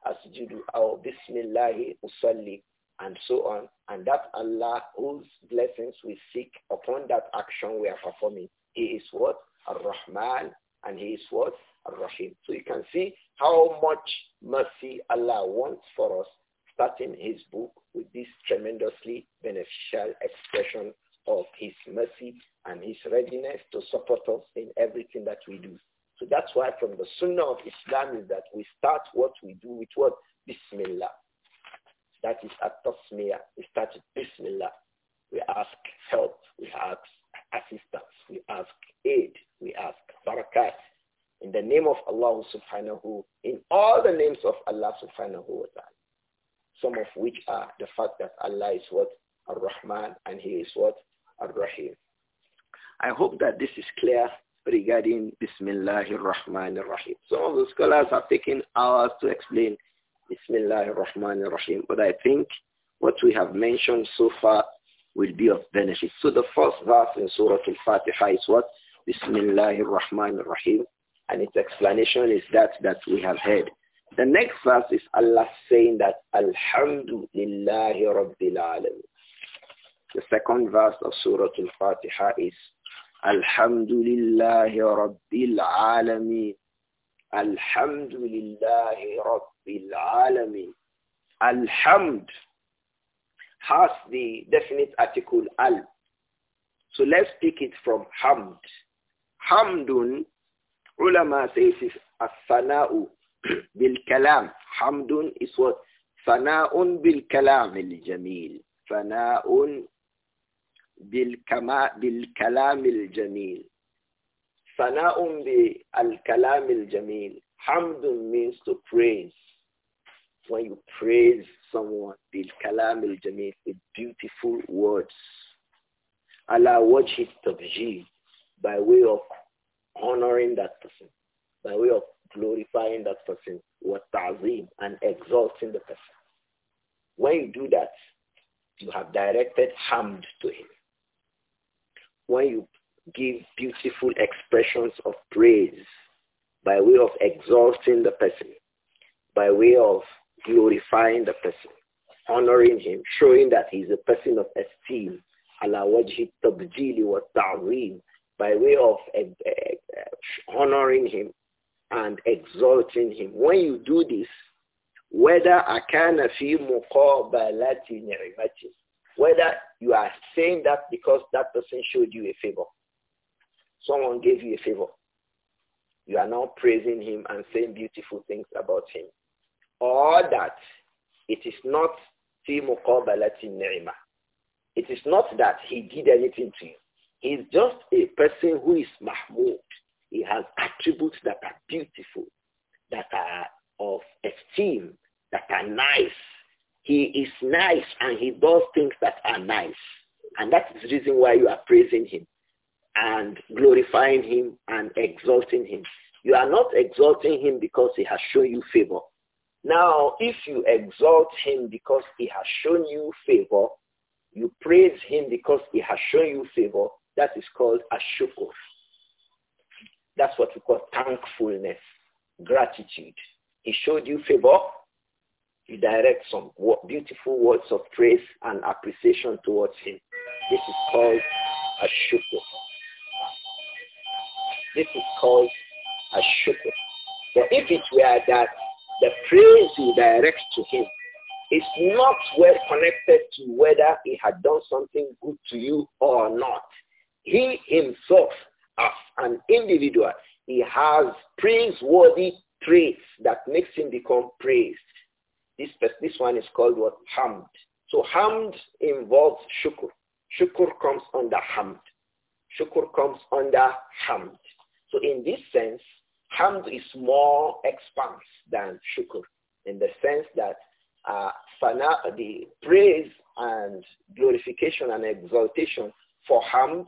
asjudu or Bismillah usalli and so on. And that Allah whose blessings we seek upon that action we are performing. He is what? Ar-Rahman and he is what? Ar-Rahim. So you can see how much mercy Allah wants for us starting his book with this tremendously beneficial expression of his mercy and his readiness to support us in everything that we do. So that's why from the Sunnah of Islam is that we start what we do with what? Bismillah. That is at tasmiyah. We start with Bismillah. We ask help. We ask assistance. We ask aid. We ask barakat. In the name of Allah subhanahu, in all the names of Allah subhanahu wa ta'ala. Some of which are the fact that Allah is what? Ar-Rahman and He is what? Ar-Rahim. I hope that this is clear regarding Bismillahir Rahmanir Rahim. Some of the scholars have taken hours to explain Bismillahir Rahmanir Rahim, but I think what we have mentioned so far will be of benefit. So the first verse in Surah Al-Fatiha is what? Bismillahir Rahmanir Rahim. And its explanation is that that we have heard. The next verse is Allah saying that Alhamdulillahi Rabbil alamin. The second verse of Surah Al-Fatiha is الحمد لله رب العالمين الحمد لله رب العالمين الحمد has the definite article al so let's take it from hamd hamdun ulama says is as-sana'u bil kalam hamdun is what sana'un bil kalam al jamil sana'un بالكلام الجميل ثناء بالكلام الجميل حمد means to praise when you praise someone بالكلام الجميل with beautiful words على وجه التبجيل by way of honoring that person by way of glorifying that person والتعظيم and exalting the person when you do that you have directed hamd to him when you give beautiful expressions of praise by way of exalting the person, by way of glorifying the person, honoring him, showing that he is a person of esteem, ala by way of eh, eh, honoring him and exalting him. When you do this, whether akana fi muqabalati ni'mati, whether you are saying that because that person showed you a favor. Someone gave you a favor. You are now praising him and saying beautiful things about him. Or that it is not fi muqabalati It is not that he did anything to you. He is just a person who is mahmoud. He has attributes that are beautiful, that are of esteem, that are nice, he is nice and he does things that are nice. And that is the reason why you are praising him and glorifying him and exalting him. You are not exalting him because he has shown you favor. Now, if you exalt him because he has shown you favor, you praise him because he has shown you favor, that is called ashukur. That's what we call thankfulness, gratitude. He showed you favor, you direct some beautiful words of praise and appreciation towards him. This is called a shukr. This is called a shukr. But if it were that the praise you direct to him is not well connected to whether he had done something good to you or not, he himself as an individual, he has praiseworthy traits that makes him become praised. This, this one is called what? Hamd. So hamd involves shukr. Shukr comes under hamd. Shukr comes under hamd. So in this sense, hamd is more expanse than shukr in the sense that uh, the praise and glorification and exaltation for hamd,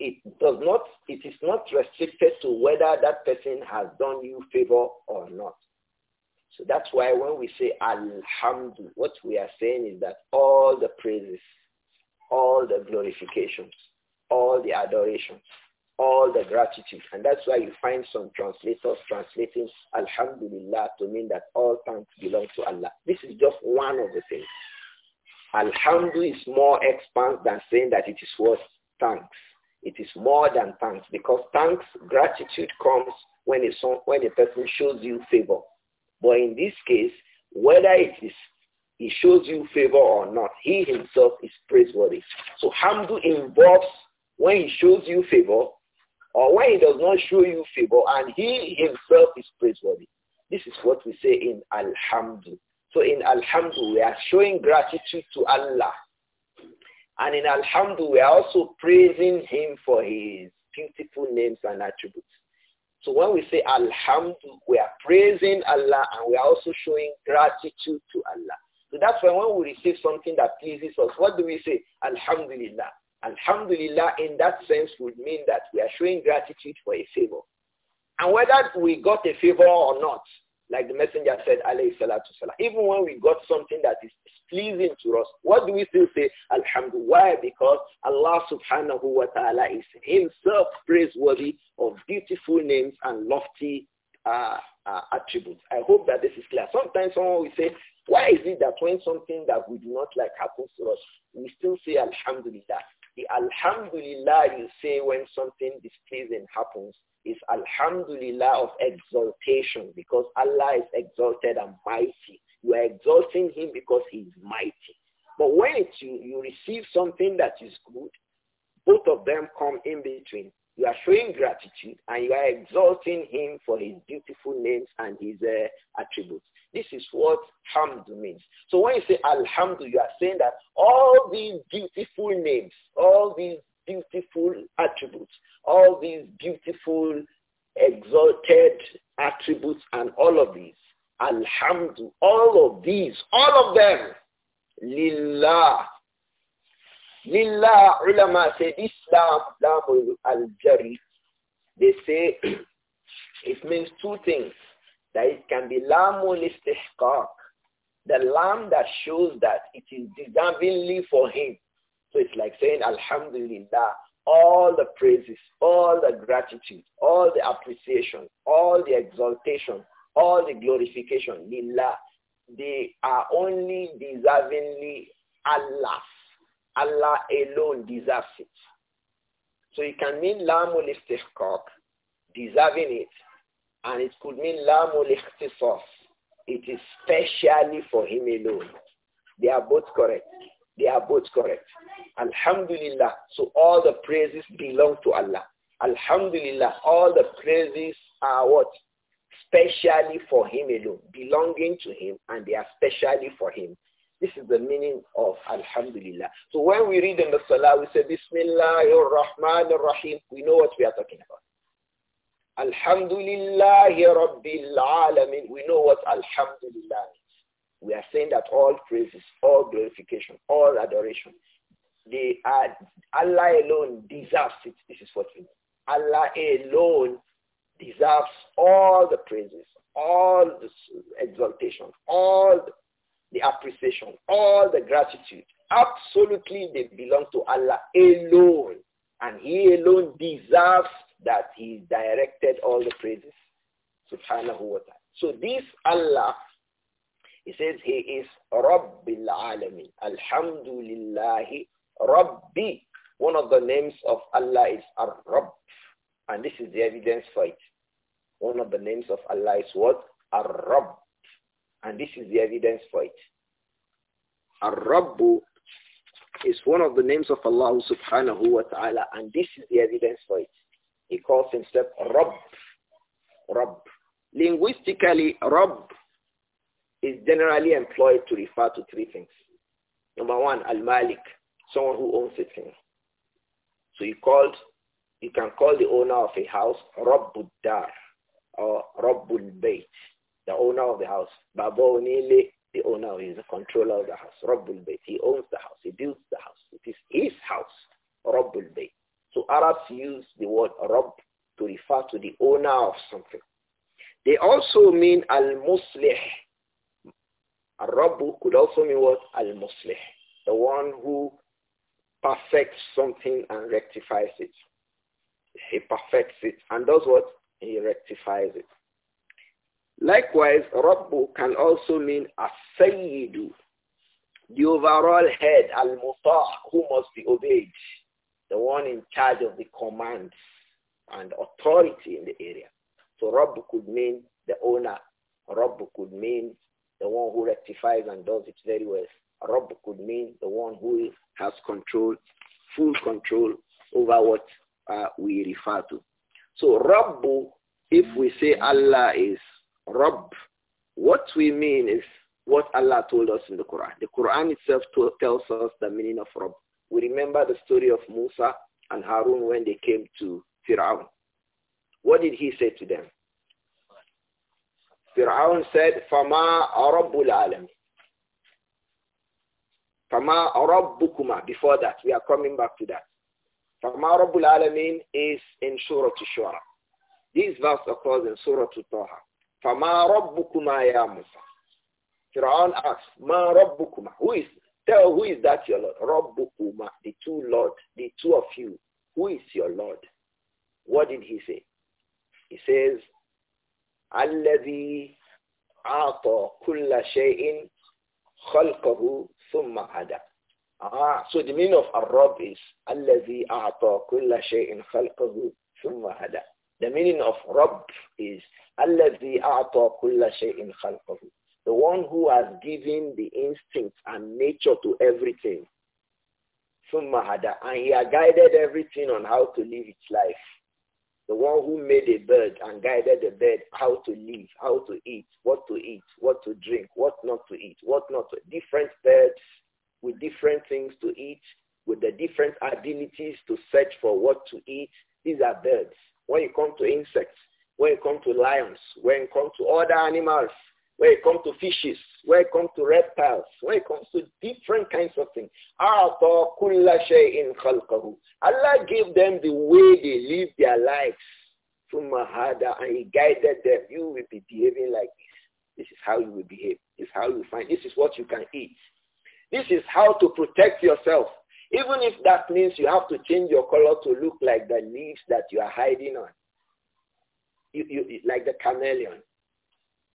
it does not, it is not restricted to whether that person has done you favor or not. So that's why when we say Alhamdulillah, what we are saying is that all the praises, all the glorifications, all the adorations, all the gratitude. And that's why you find some translators translating Alhamdulillah to mean that all thanks belong to Allah. This is just one of the things. Alhamdulillah is more expansive than saying that it is worth thanks. It is more than thanks because thanks, gratitude comes when a, when a person shows you favor. But in this case, whether it is he shows you favor or not, he himself is praiseworthy. So Hamdu involves when he shows you favor or when he does not show you favor and he himself is praiseworthy. This is what we say in Alhamdu. So in Alhamdu, we are showing gratitude to Allah. And in Alhamdu, we are also praising him for his beautiful names and attributes. So when we say Alhamdulillah, we are praising Allah and we are also showing gratitude to Allah. So that's why when we receive something that pleases us, what do we say? Alhamdulillah. Alhamdulillah in that sense would mean that we are showing gratitude for a favor. And whether we got a favor or not, like the messenger said, alayhi salatu salam, even when we got something that is pleasing to us, what do we still say? Alhamdulillah. Why? Because Allah subhanahu wa ta'ala is himself praiseworthy of beautiful names and lofty uh, uh, attributes. I hope that this is clear. Sometimes someone will say, why is it that when something that we do not like happens to us, we still say Alhamdulillah? The Alhamdulillah you say when something displeasing happens is Alhamdulillah of exaltation because Allah is exalted and mighty. We're exalting him because he is mighty. But when it's you, you receive something that is good, both of them come in between. You are showing gratitude and you are exalting him for his beautiful names and his uh, attributes. This is what Alhamdulillah means. So when you say alhamdu, you are saying that all these beautiful names, all these beautiful attributes, all these beautiful exalted attributes and all of these Alhamdu, all of these, all of them, lillah. Lillah, ulama say this lam, lam al-jari, they say it means two things. That it can be lamul istihqaq, the lam that shows that it is deservingly for him. So it's like saying, Alhamdulillah, all the praises, all the gratitude, all the appreciation, all the exaltation, all the glorification, lillah, they are only deservingly Allah's. Allah alone deserves it. So it can mean lamul istihqaq, deserving it, and it could mean lamul ikhtisas. It is specially for him alone. They are both correct. They are both correct. Alhamdulillah. So all the praises belong to Allah. Alhamdulillah. All the praises are what? specially for him alone, belonging to him, and they are specially for him. This is the meaning of Alhamdulillah. So when we read in the Salah, we say Bismillahir Rahmanir Rahim. We know what we are talking about. Alhamdulillah Rabbil Alamin. We know what Alhamdulillah is. We are saying that all praises, all glorification, all adoration, they are Allah alone deserves it. This is what we mean. Allah alone deserves all the praises, all the exaltation, all the appreciation, all the gratitude. Absolutely, they belong to Allah alone. And he alone deserves that he directed all the praises. Subhanahu wa ta'ala. So this Allah, he says he is Rabbil Alameen. Alhamdulillahi Rabbi. One of the names of Allah is Ar-Rabb. And this is the evidence for it. One of the names of Allah is what? Ar-Rabb. And this is the evidence for it. Ar-Rabbu is one of the names of Allah subhanahu wa ta'ala and this is the evidence for it. He calls himself Rabb. Rabb. Linguistically, Rabb is generally employed to refer to three things. Number one, Al-Malik, someone who owns a thing. So you called, you can call the owner of a house Rabbuddar or Robul Bayt, the owner of the house. Nili, the owner, is the controller of the house. Robul Bayt, he owns the house, he builds the house. It is his house, Robul Bayt. So Arabs use the word Rob to refer to the owner of something. They also mean al-muslih. al could also mean what? Al-muslih. The one who perfects something and rectifies it. He perfects it and does what? he rectifies it. Likewise, Rabbu can also mean a sayyidu the overall head, Al-Mutah, who must be obeyed, the one in charge of the commands and authority in the area. So Rabbu could mean the owner. Rabbu could mean the one who rectifies and does it very well. Rabbu could mean the one who has control, full control over what uh, we refer to. So Rabbu, if we say Allah is Rabb, what we mean is what Allah told us in the Quran. The Quran itself tells us the meaning of Rabb. We remember the story of Musa and Harun when they came to Fir'aun. What did he say to them? Fir'aun said, Fama Rabbul Alam. Fama Rabbukuma. Before that, we are coming back to that. Rama Rabbul Alameen is in Surah Shura. This verse occurs in Surah Taha. فَمَا رَبُّكُمَا يَا مُوسَى Fir'aun asks, مَا رَبُّكُمَا Who is, tell who is that your Lord? رَبُّكُمَا The two Lord, the two of you. Who is your Lord? What did he say? He says, الَّذِي أَعْطَى كُلَّ شَيْءٍ خَلْقَهُ ثُمَّ هَدَى Ah, so the meaning of Arab is Allazi A'ta kulla shay'in khalqahu thumma hada. The meaning of Rabb is Allazi A'ta kulla shay'in khalqahu. The one who has given the instinct and nature to everything. Thumma hada. And he has guided everything on how to live its life. The one who made a bird and guided the bird how to live, how to eat, what to eat, what to drink, what not to eat, what not to. Different birds with different things to eat, with the different abilities to search for what to eat. These are birds. When you come to insects, when you come to lions, when you come to other animals, when you come to fishes, when you come to reptiles, when it comes to different kinds of things. Allah gave them the way they live their lives. From Mahada, and he guided them. You will be behaving like this. This is how you will behave. This is how you find. This is what you can eat. This is how to protect yourself. Even if that means you have to change your color to look like the leaves that you are hiding on. You, you, like the chameleon.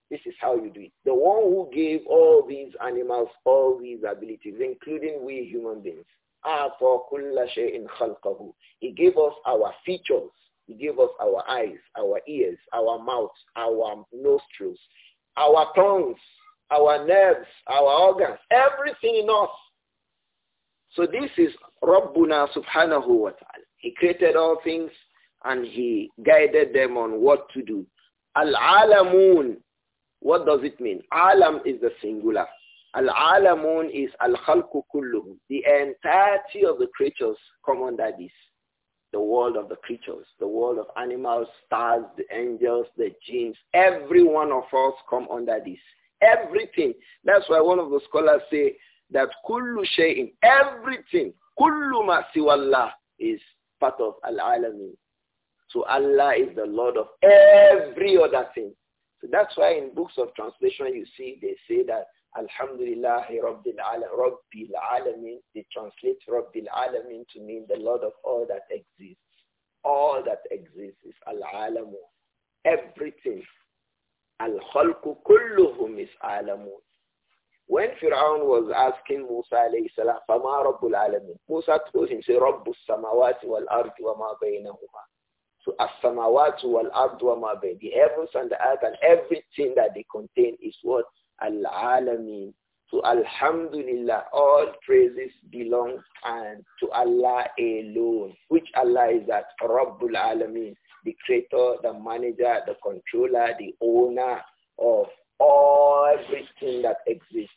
This is how you do it. The one who gave all these animals all these abilities, including we human beings, ah, he gave us our features. He gave us our eyes, our ears, our mouths, our nostrils, our tongues our nerves, our organs, everything in us. So this is Rabbuna subhanahu wa ta'ala. He created all things and he guided them on what to do. Al-alamun. What does it mean? Alam is the singular. Al-alamun is al-khalqu kulluhum. The entirety of the creatures come under this. The world of the creatures, the world of animals, stars, the angels, the jinns, every one of us come under this everything. That's why one of the scholars say that kullu shay'in, everything, kullu ma siwallah is part of al-alamin. So Allah is the Lord of every other thing. So that's why in books of translation you see they say that Alhamdulillah Rabbil Alamin. They translate Rabbil Alamin to mean the Lord of all that exists. All that exists is Al Alamu. Everything. Al-Khalku kulluhum is When Fir'aun was asking Musa alayhi salam, فَمَا رَبُّ الْعَالَمِينَ Musa told him, say, رَبُّ السَّمَوَاتِ وَالْأَرْضِ وَمَا بَيْنَهُمَا So as-samawati وما بَيْنَهُمَا The heavens and the earth and everything that they contain is what? Al-alamin. So alhamdulillah, all praises belong and to Allah alone. Which Allah is that? Rabbul alamin the creator, the manager, the controller, the owner of all everything that exists.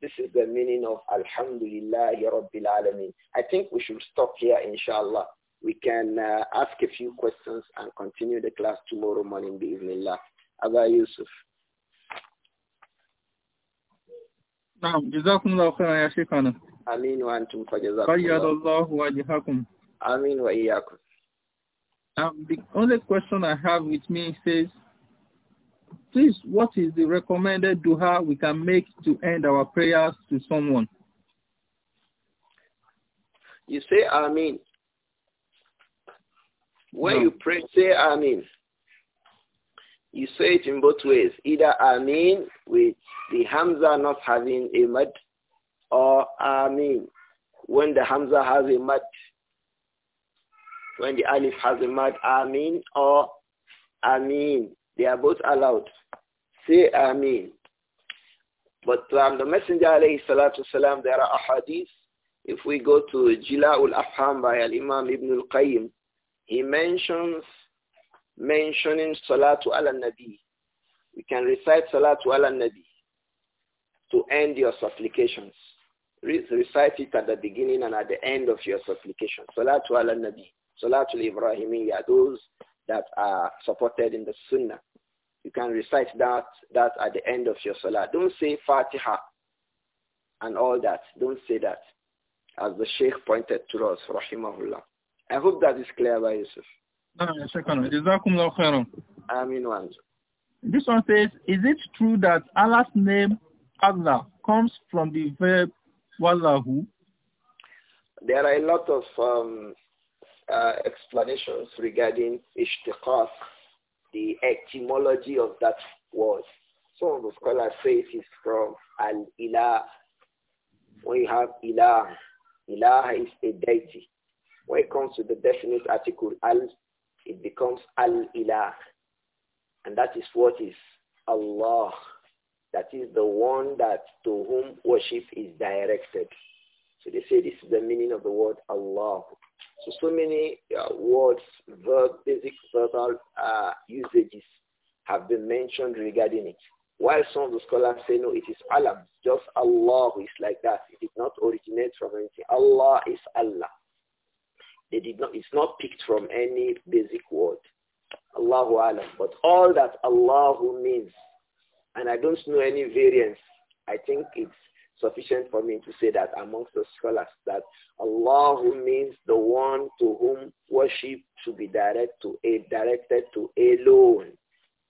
This is the meaning of Alhamdulillah Rabbil Alameen. I think we should stop here, inshallah. We can uh, ask a few questions and continue the class tomorrow morning, bi'idhnillah. Abba Yusuf. نعم جزاكم الله خيرا يا شيخنا امين وانتم فجزاكم الله خير امين واياكم um, the only question I have with me says, please, what is the recommended duha we can make to end our prayers to someone? You say Amin. When no. you pray, say Amin. You say it in both ways, either Amin with the Hamza not having a mud or Amin when the Hamza has a mud. When the alif has a mad amin or amin, they are both allowed. Say amin. But from the Messenger alayhi salatu salam, there are ahadith. If we go to Jila'ul Afham by Al-Imam Ibn Al-Qayyim, he mentions mentioning Salatu ala Nabi. We can recite Salatu ala Nabi to end your supplications. Re recite it at the beginning and at the end of your supplication. Salatu ala Nabi. Salatul Ibrahimiyya, those that are supported in the Sunnah. You can recite that, that at the end of your Salah. Don't say Fatiha and all that. Don't say that. As the Sheikh pointed to us, Rahimahullah. I hope that is clear by Yusuf. This one says, is it true that Allah's name, Allah, comes from the verb Wallahu? There are a lot of um, uh, explanations regarding ishtiqaq, the etymology of that word. Some of the scholars say it is from al-ilah. We have ilah. Ilah is a deity. When it comes to the definite article al, it becomes al-ilah. And that is what is Allah. That is the one that to whom worship is directed. So they say this is the meaning of the word Allah. So, so many uh, words, verb, basic verbal uh, usages have been mentioned regarding it. While some of the scholars say, no, it is Allah, just Allah is like that. It did not originate from anything. Allah is Allah. They did not, it's not picked from any basic word. Allahu alam. But all that Allahu means, and I don't know any variance, I think it's sufficient for me to say that amongst the scholars that Allah who means the one to whom worship should be directed to a, directed to alone.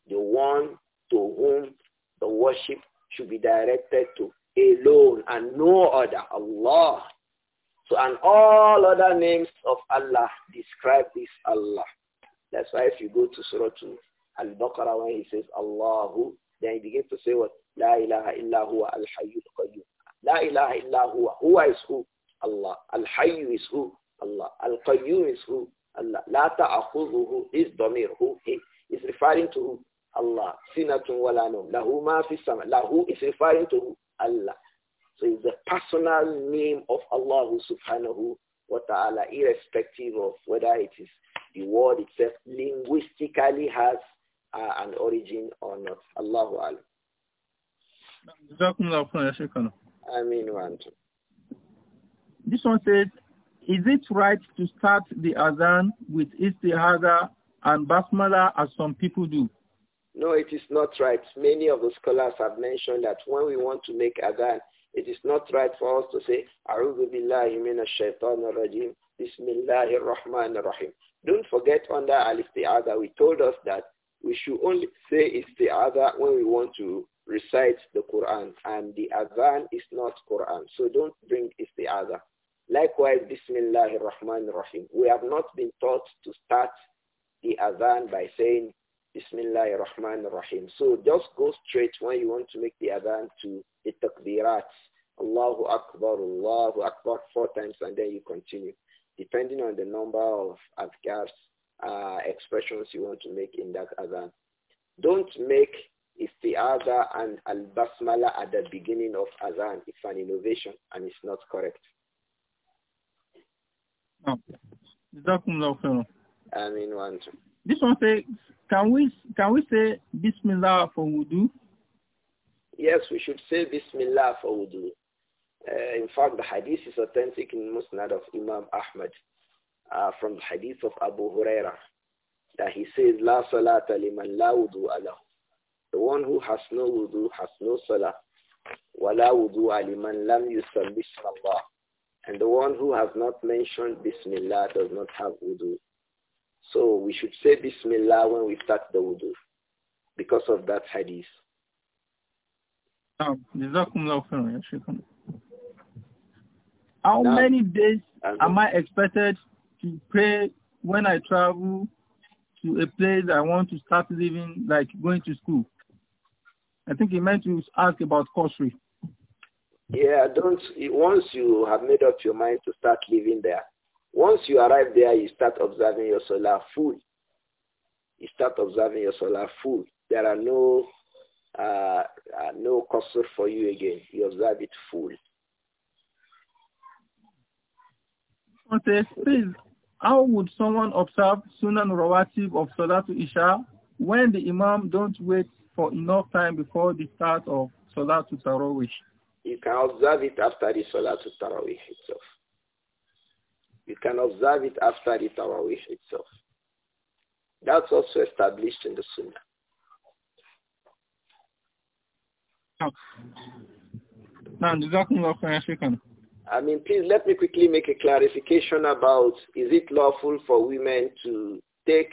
The one to whom the worship should be directed to alone and no other, Allah. So and all other names of Allah describe this Allah. That's why if you go to Surah 2, Al-Baqarah when he says Allahu, then he begins to say what? La ilaha illa huwa al-hayyul qayyum. La ilaha illa huwa. Huwa who? Allah. Al-Hayyu is who? Allah. Al-Qayyum is who? Allah. La ta'akhudhuhu is damir. Who? He is referring to who? Allah. Sinatun wala num. Lahu ma fi sama. Lahu is referring to who? Allah. So it's the personal name of Allah subhanahu wa ta'ala irrespective of whether it is the word itself linguistically has uh, an origin or not. Allahu Alam. I'm Ameen one. This one says, is it right to start the Azan with Istihaza and Basmala as some people do? No, it is not right. Many of the scholars have mentioned that when we want to make azan, it is not right for us to say, A'udhu billahi minash rajim, bismillahir rahmanir rahim. Don't forget under al-isti'adha, we told us that we should only say isti'adha when we want to recites the Quran and the Adhan is not Quran. So don't bring other. Likewise, Bismillah ar-Rahman rahim We have not been taught to start the Adhan by saying Bismillah ar-Rahman rahim So just go straight when you want to make the Adhan to the takbirat. Allahu Akbar, Allahu Akbar four times and then you continue. Depending on the number of adhkars, uh, expressions you want to make in that Adhan. Don't make isti'aza and al-basmala at the beginning of azan. It's an innovation and it's not correct. Okay. I mean, one. Two. This one says, can we can we say Bismillah for wudu? Yes, we should say Bismillah for wudu. Uh, in fact, the hadith is authentic in Musnad of Imam Ahmad uh, from the hadith of Abu Huraira that he says, La salata liman la wudu the one who has no wudu has no salah. Wala wudu aliman lam yusal bismillah. And the one who has not mentioned bismillah does not have wudu. So we should say bismillah when we start the wudu because of that hadith. How now, many days am I expected to pray when I travel to a place I want to start living, like going to school? I think he meant to ask about Kosri. Yeah, don't. Once you have made up your mind to start living there, once you arrive there, you start observing your solar full. You start observing your solar full. There are no uh, uh, no Kosri for you again. You observe it full. Okay, please. How would someone observe Sunan Rawatib of Salatul Isha when the Imam don't wait for enough time before the start of Salat Tarawih? You can observe it after the Salat Tarawih itself. You can observe it after the Tarawih itself. That's also established in the Sunnah. I mean, please let me quickly make a clarification about is it lawful for women to take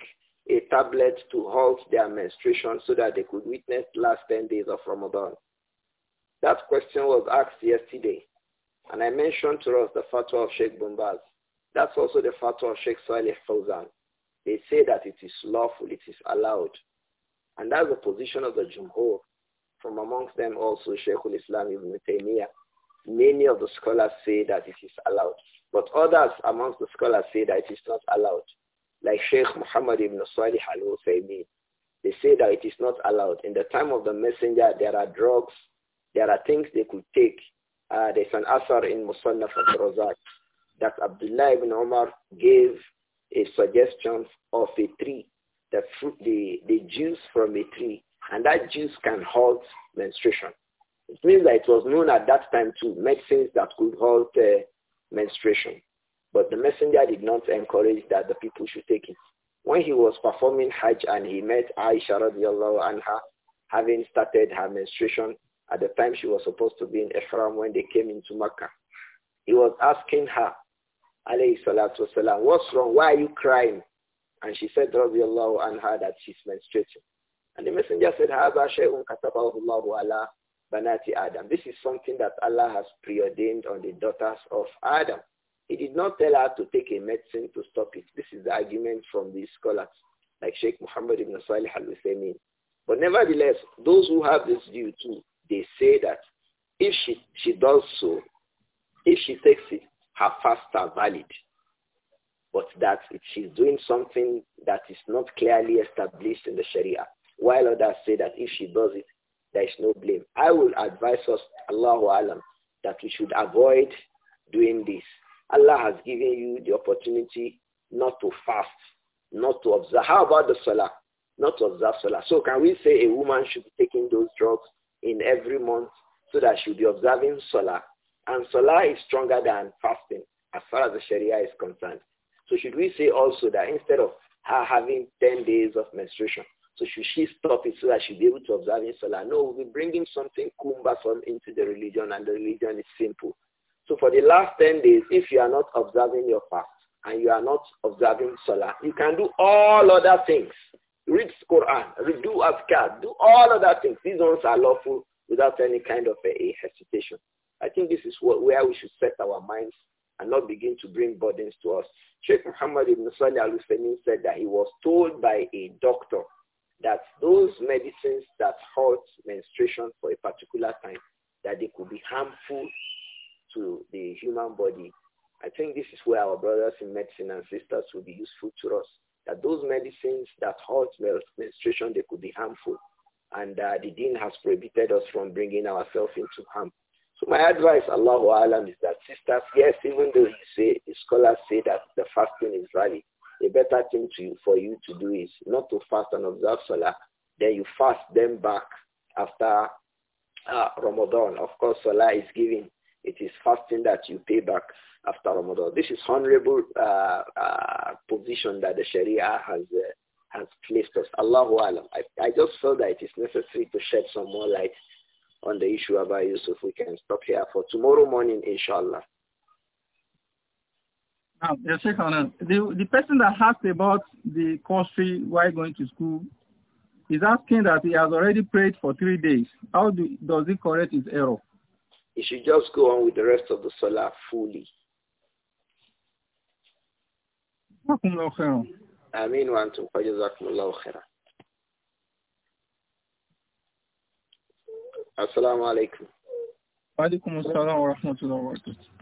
a tablet to halt their menstruation so that they could witness the last 10 days of Ramadan? That question was asked yesterday. And I mentioned to us the fatwa of Sheikh Bumbaz. That's also the fatwa of Sheikh Saleh Fawzan. They say that it is lawful, it is allowed. And that's the position of the Jumhur. From amongst them also Sheikh al-Islam Ibn Taymiyyah. Many of the scholars say that it is allowed. But others amongst the scholars say that it is not allowed. Like Sheikh Muhammad ibn Salih al-Uthaymeen, they say that it is not allowed. In the time of the messenger, there are drugs, there are things they could take. Uh, there's an asar in Musannaf al-Razak that Abdullah ibn Omar gave a suggestion of a tree, the fruit, the, the juice from a tree, and that juice can halt menstruation. It means that it was known at that time make medicines that could halt uh, menstruation. But the messenger did not encourage that the people should take it. When he was performing Hajj and he met Aisha radiallahu anha, having started her menstruation at the time she was supposed to be in Ephraim when they came into Mecca, he was asking her, alayhi salatu wasalam, what's wrong? Why are you crying? And she said, radiallahu anha, that she's menstruating. And the messenger said, Haba shay'un katabahu ala banati Adam. This is something that Allah has preordained on the daughters of Adam. He did not tell her to take a medicine to stop it. This is the argument from these scholars, like Sheikh Muhammad ibn Salih al-Uthaymeen. But nevertheless, those who have this view too, they say that if she, she does so, if she takes it, her fast are valid. But that she's doing something that is not clearly established in the Sharia. While others say that if she does it, there is no blame. I will advise us, Allahu Alam, that we should avoid doing this Allah has given you the opportunity not to fast, not to observe. How about the salah? Not to observe salah. So can we say a woman should be taking those drugs in every month so that she'll be observing salah? And salah is stronger than fasting as far as the Sharia is concerned. So should we say also that instead of her having 10 days of menstruation, so should she stop it so that she'll be able to observe in Salah? No, we'll be bringing something kumbasum into the religion and the religion is simple. So for the last 10 days, if you are not observing your fast and you are not observing Salah, you can do all other things. Read Quran, read, do Azkar, do all other things. These ones are lawful without any kind of a, a hesitation. I think this is what, where we should set our minds and not begin to bring burdens to us. Sheikh Muhammad ibn Salih al said that he was told by a doctor that those medicines that halt menstruation for a particular time, that they could be harmful to the human body, I think this is where our brothers in medicine and sisters will be useful to us. That those medicines that halt menstruation, they could be harmful. And uh, the dean has prohibited us from bringing ourselves into harm. So my advice, Allahu Alam, is that sisters, yes, even though you say, scholars say that the fasting is valid, a better thing you, for you to do is not to fast and observe Salah. Then you fast them back after uh, Ramadan. Of course, Salah is giving. It is fasting that you pay back after Ramadan. This is honorable uh, uh, position that the Sharia has uh, has placed us. Allahu Alam. I, I just felt that it is necessary to shed some more light on the issue about Yusuf. We can stop here for tomorrow morning, inshallah. Now, the, second, the, the person that asked about the country while going to school is asking that he has already prayed for three days. How do, does he correct his error? You should just go on with the rest of the solar fully. I mean, one to jazakumullahu khairan. Assalamu alaikum. Wa alaikum assalam wa rahmatullahi wa barakatuh.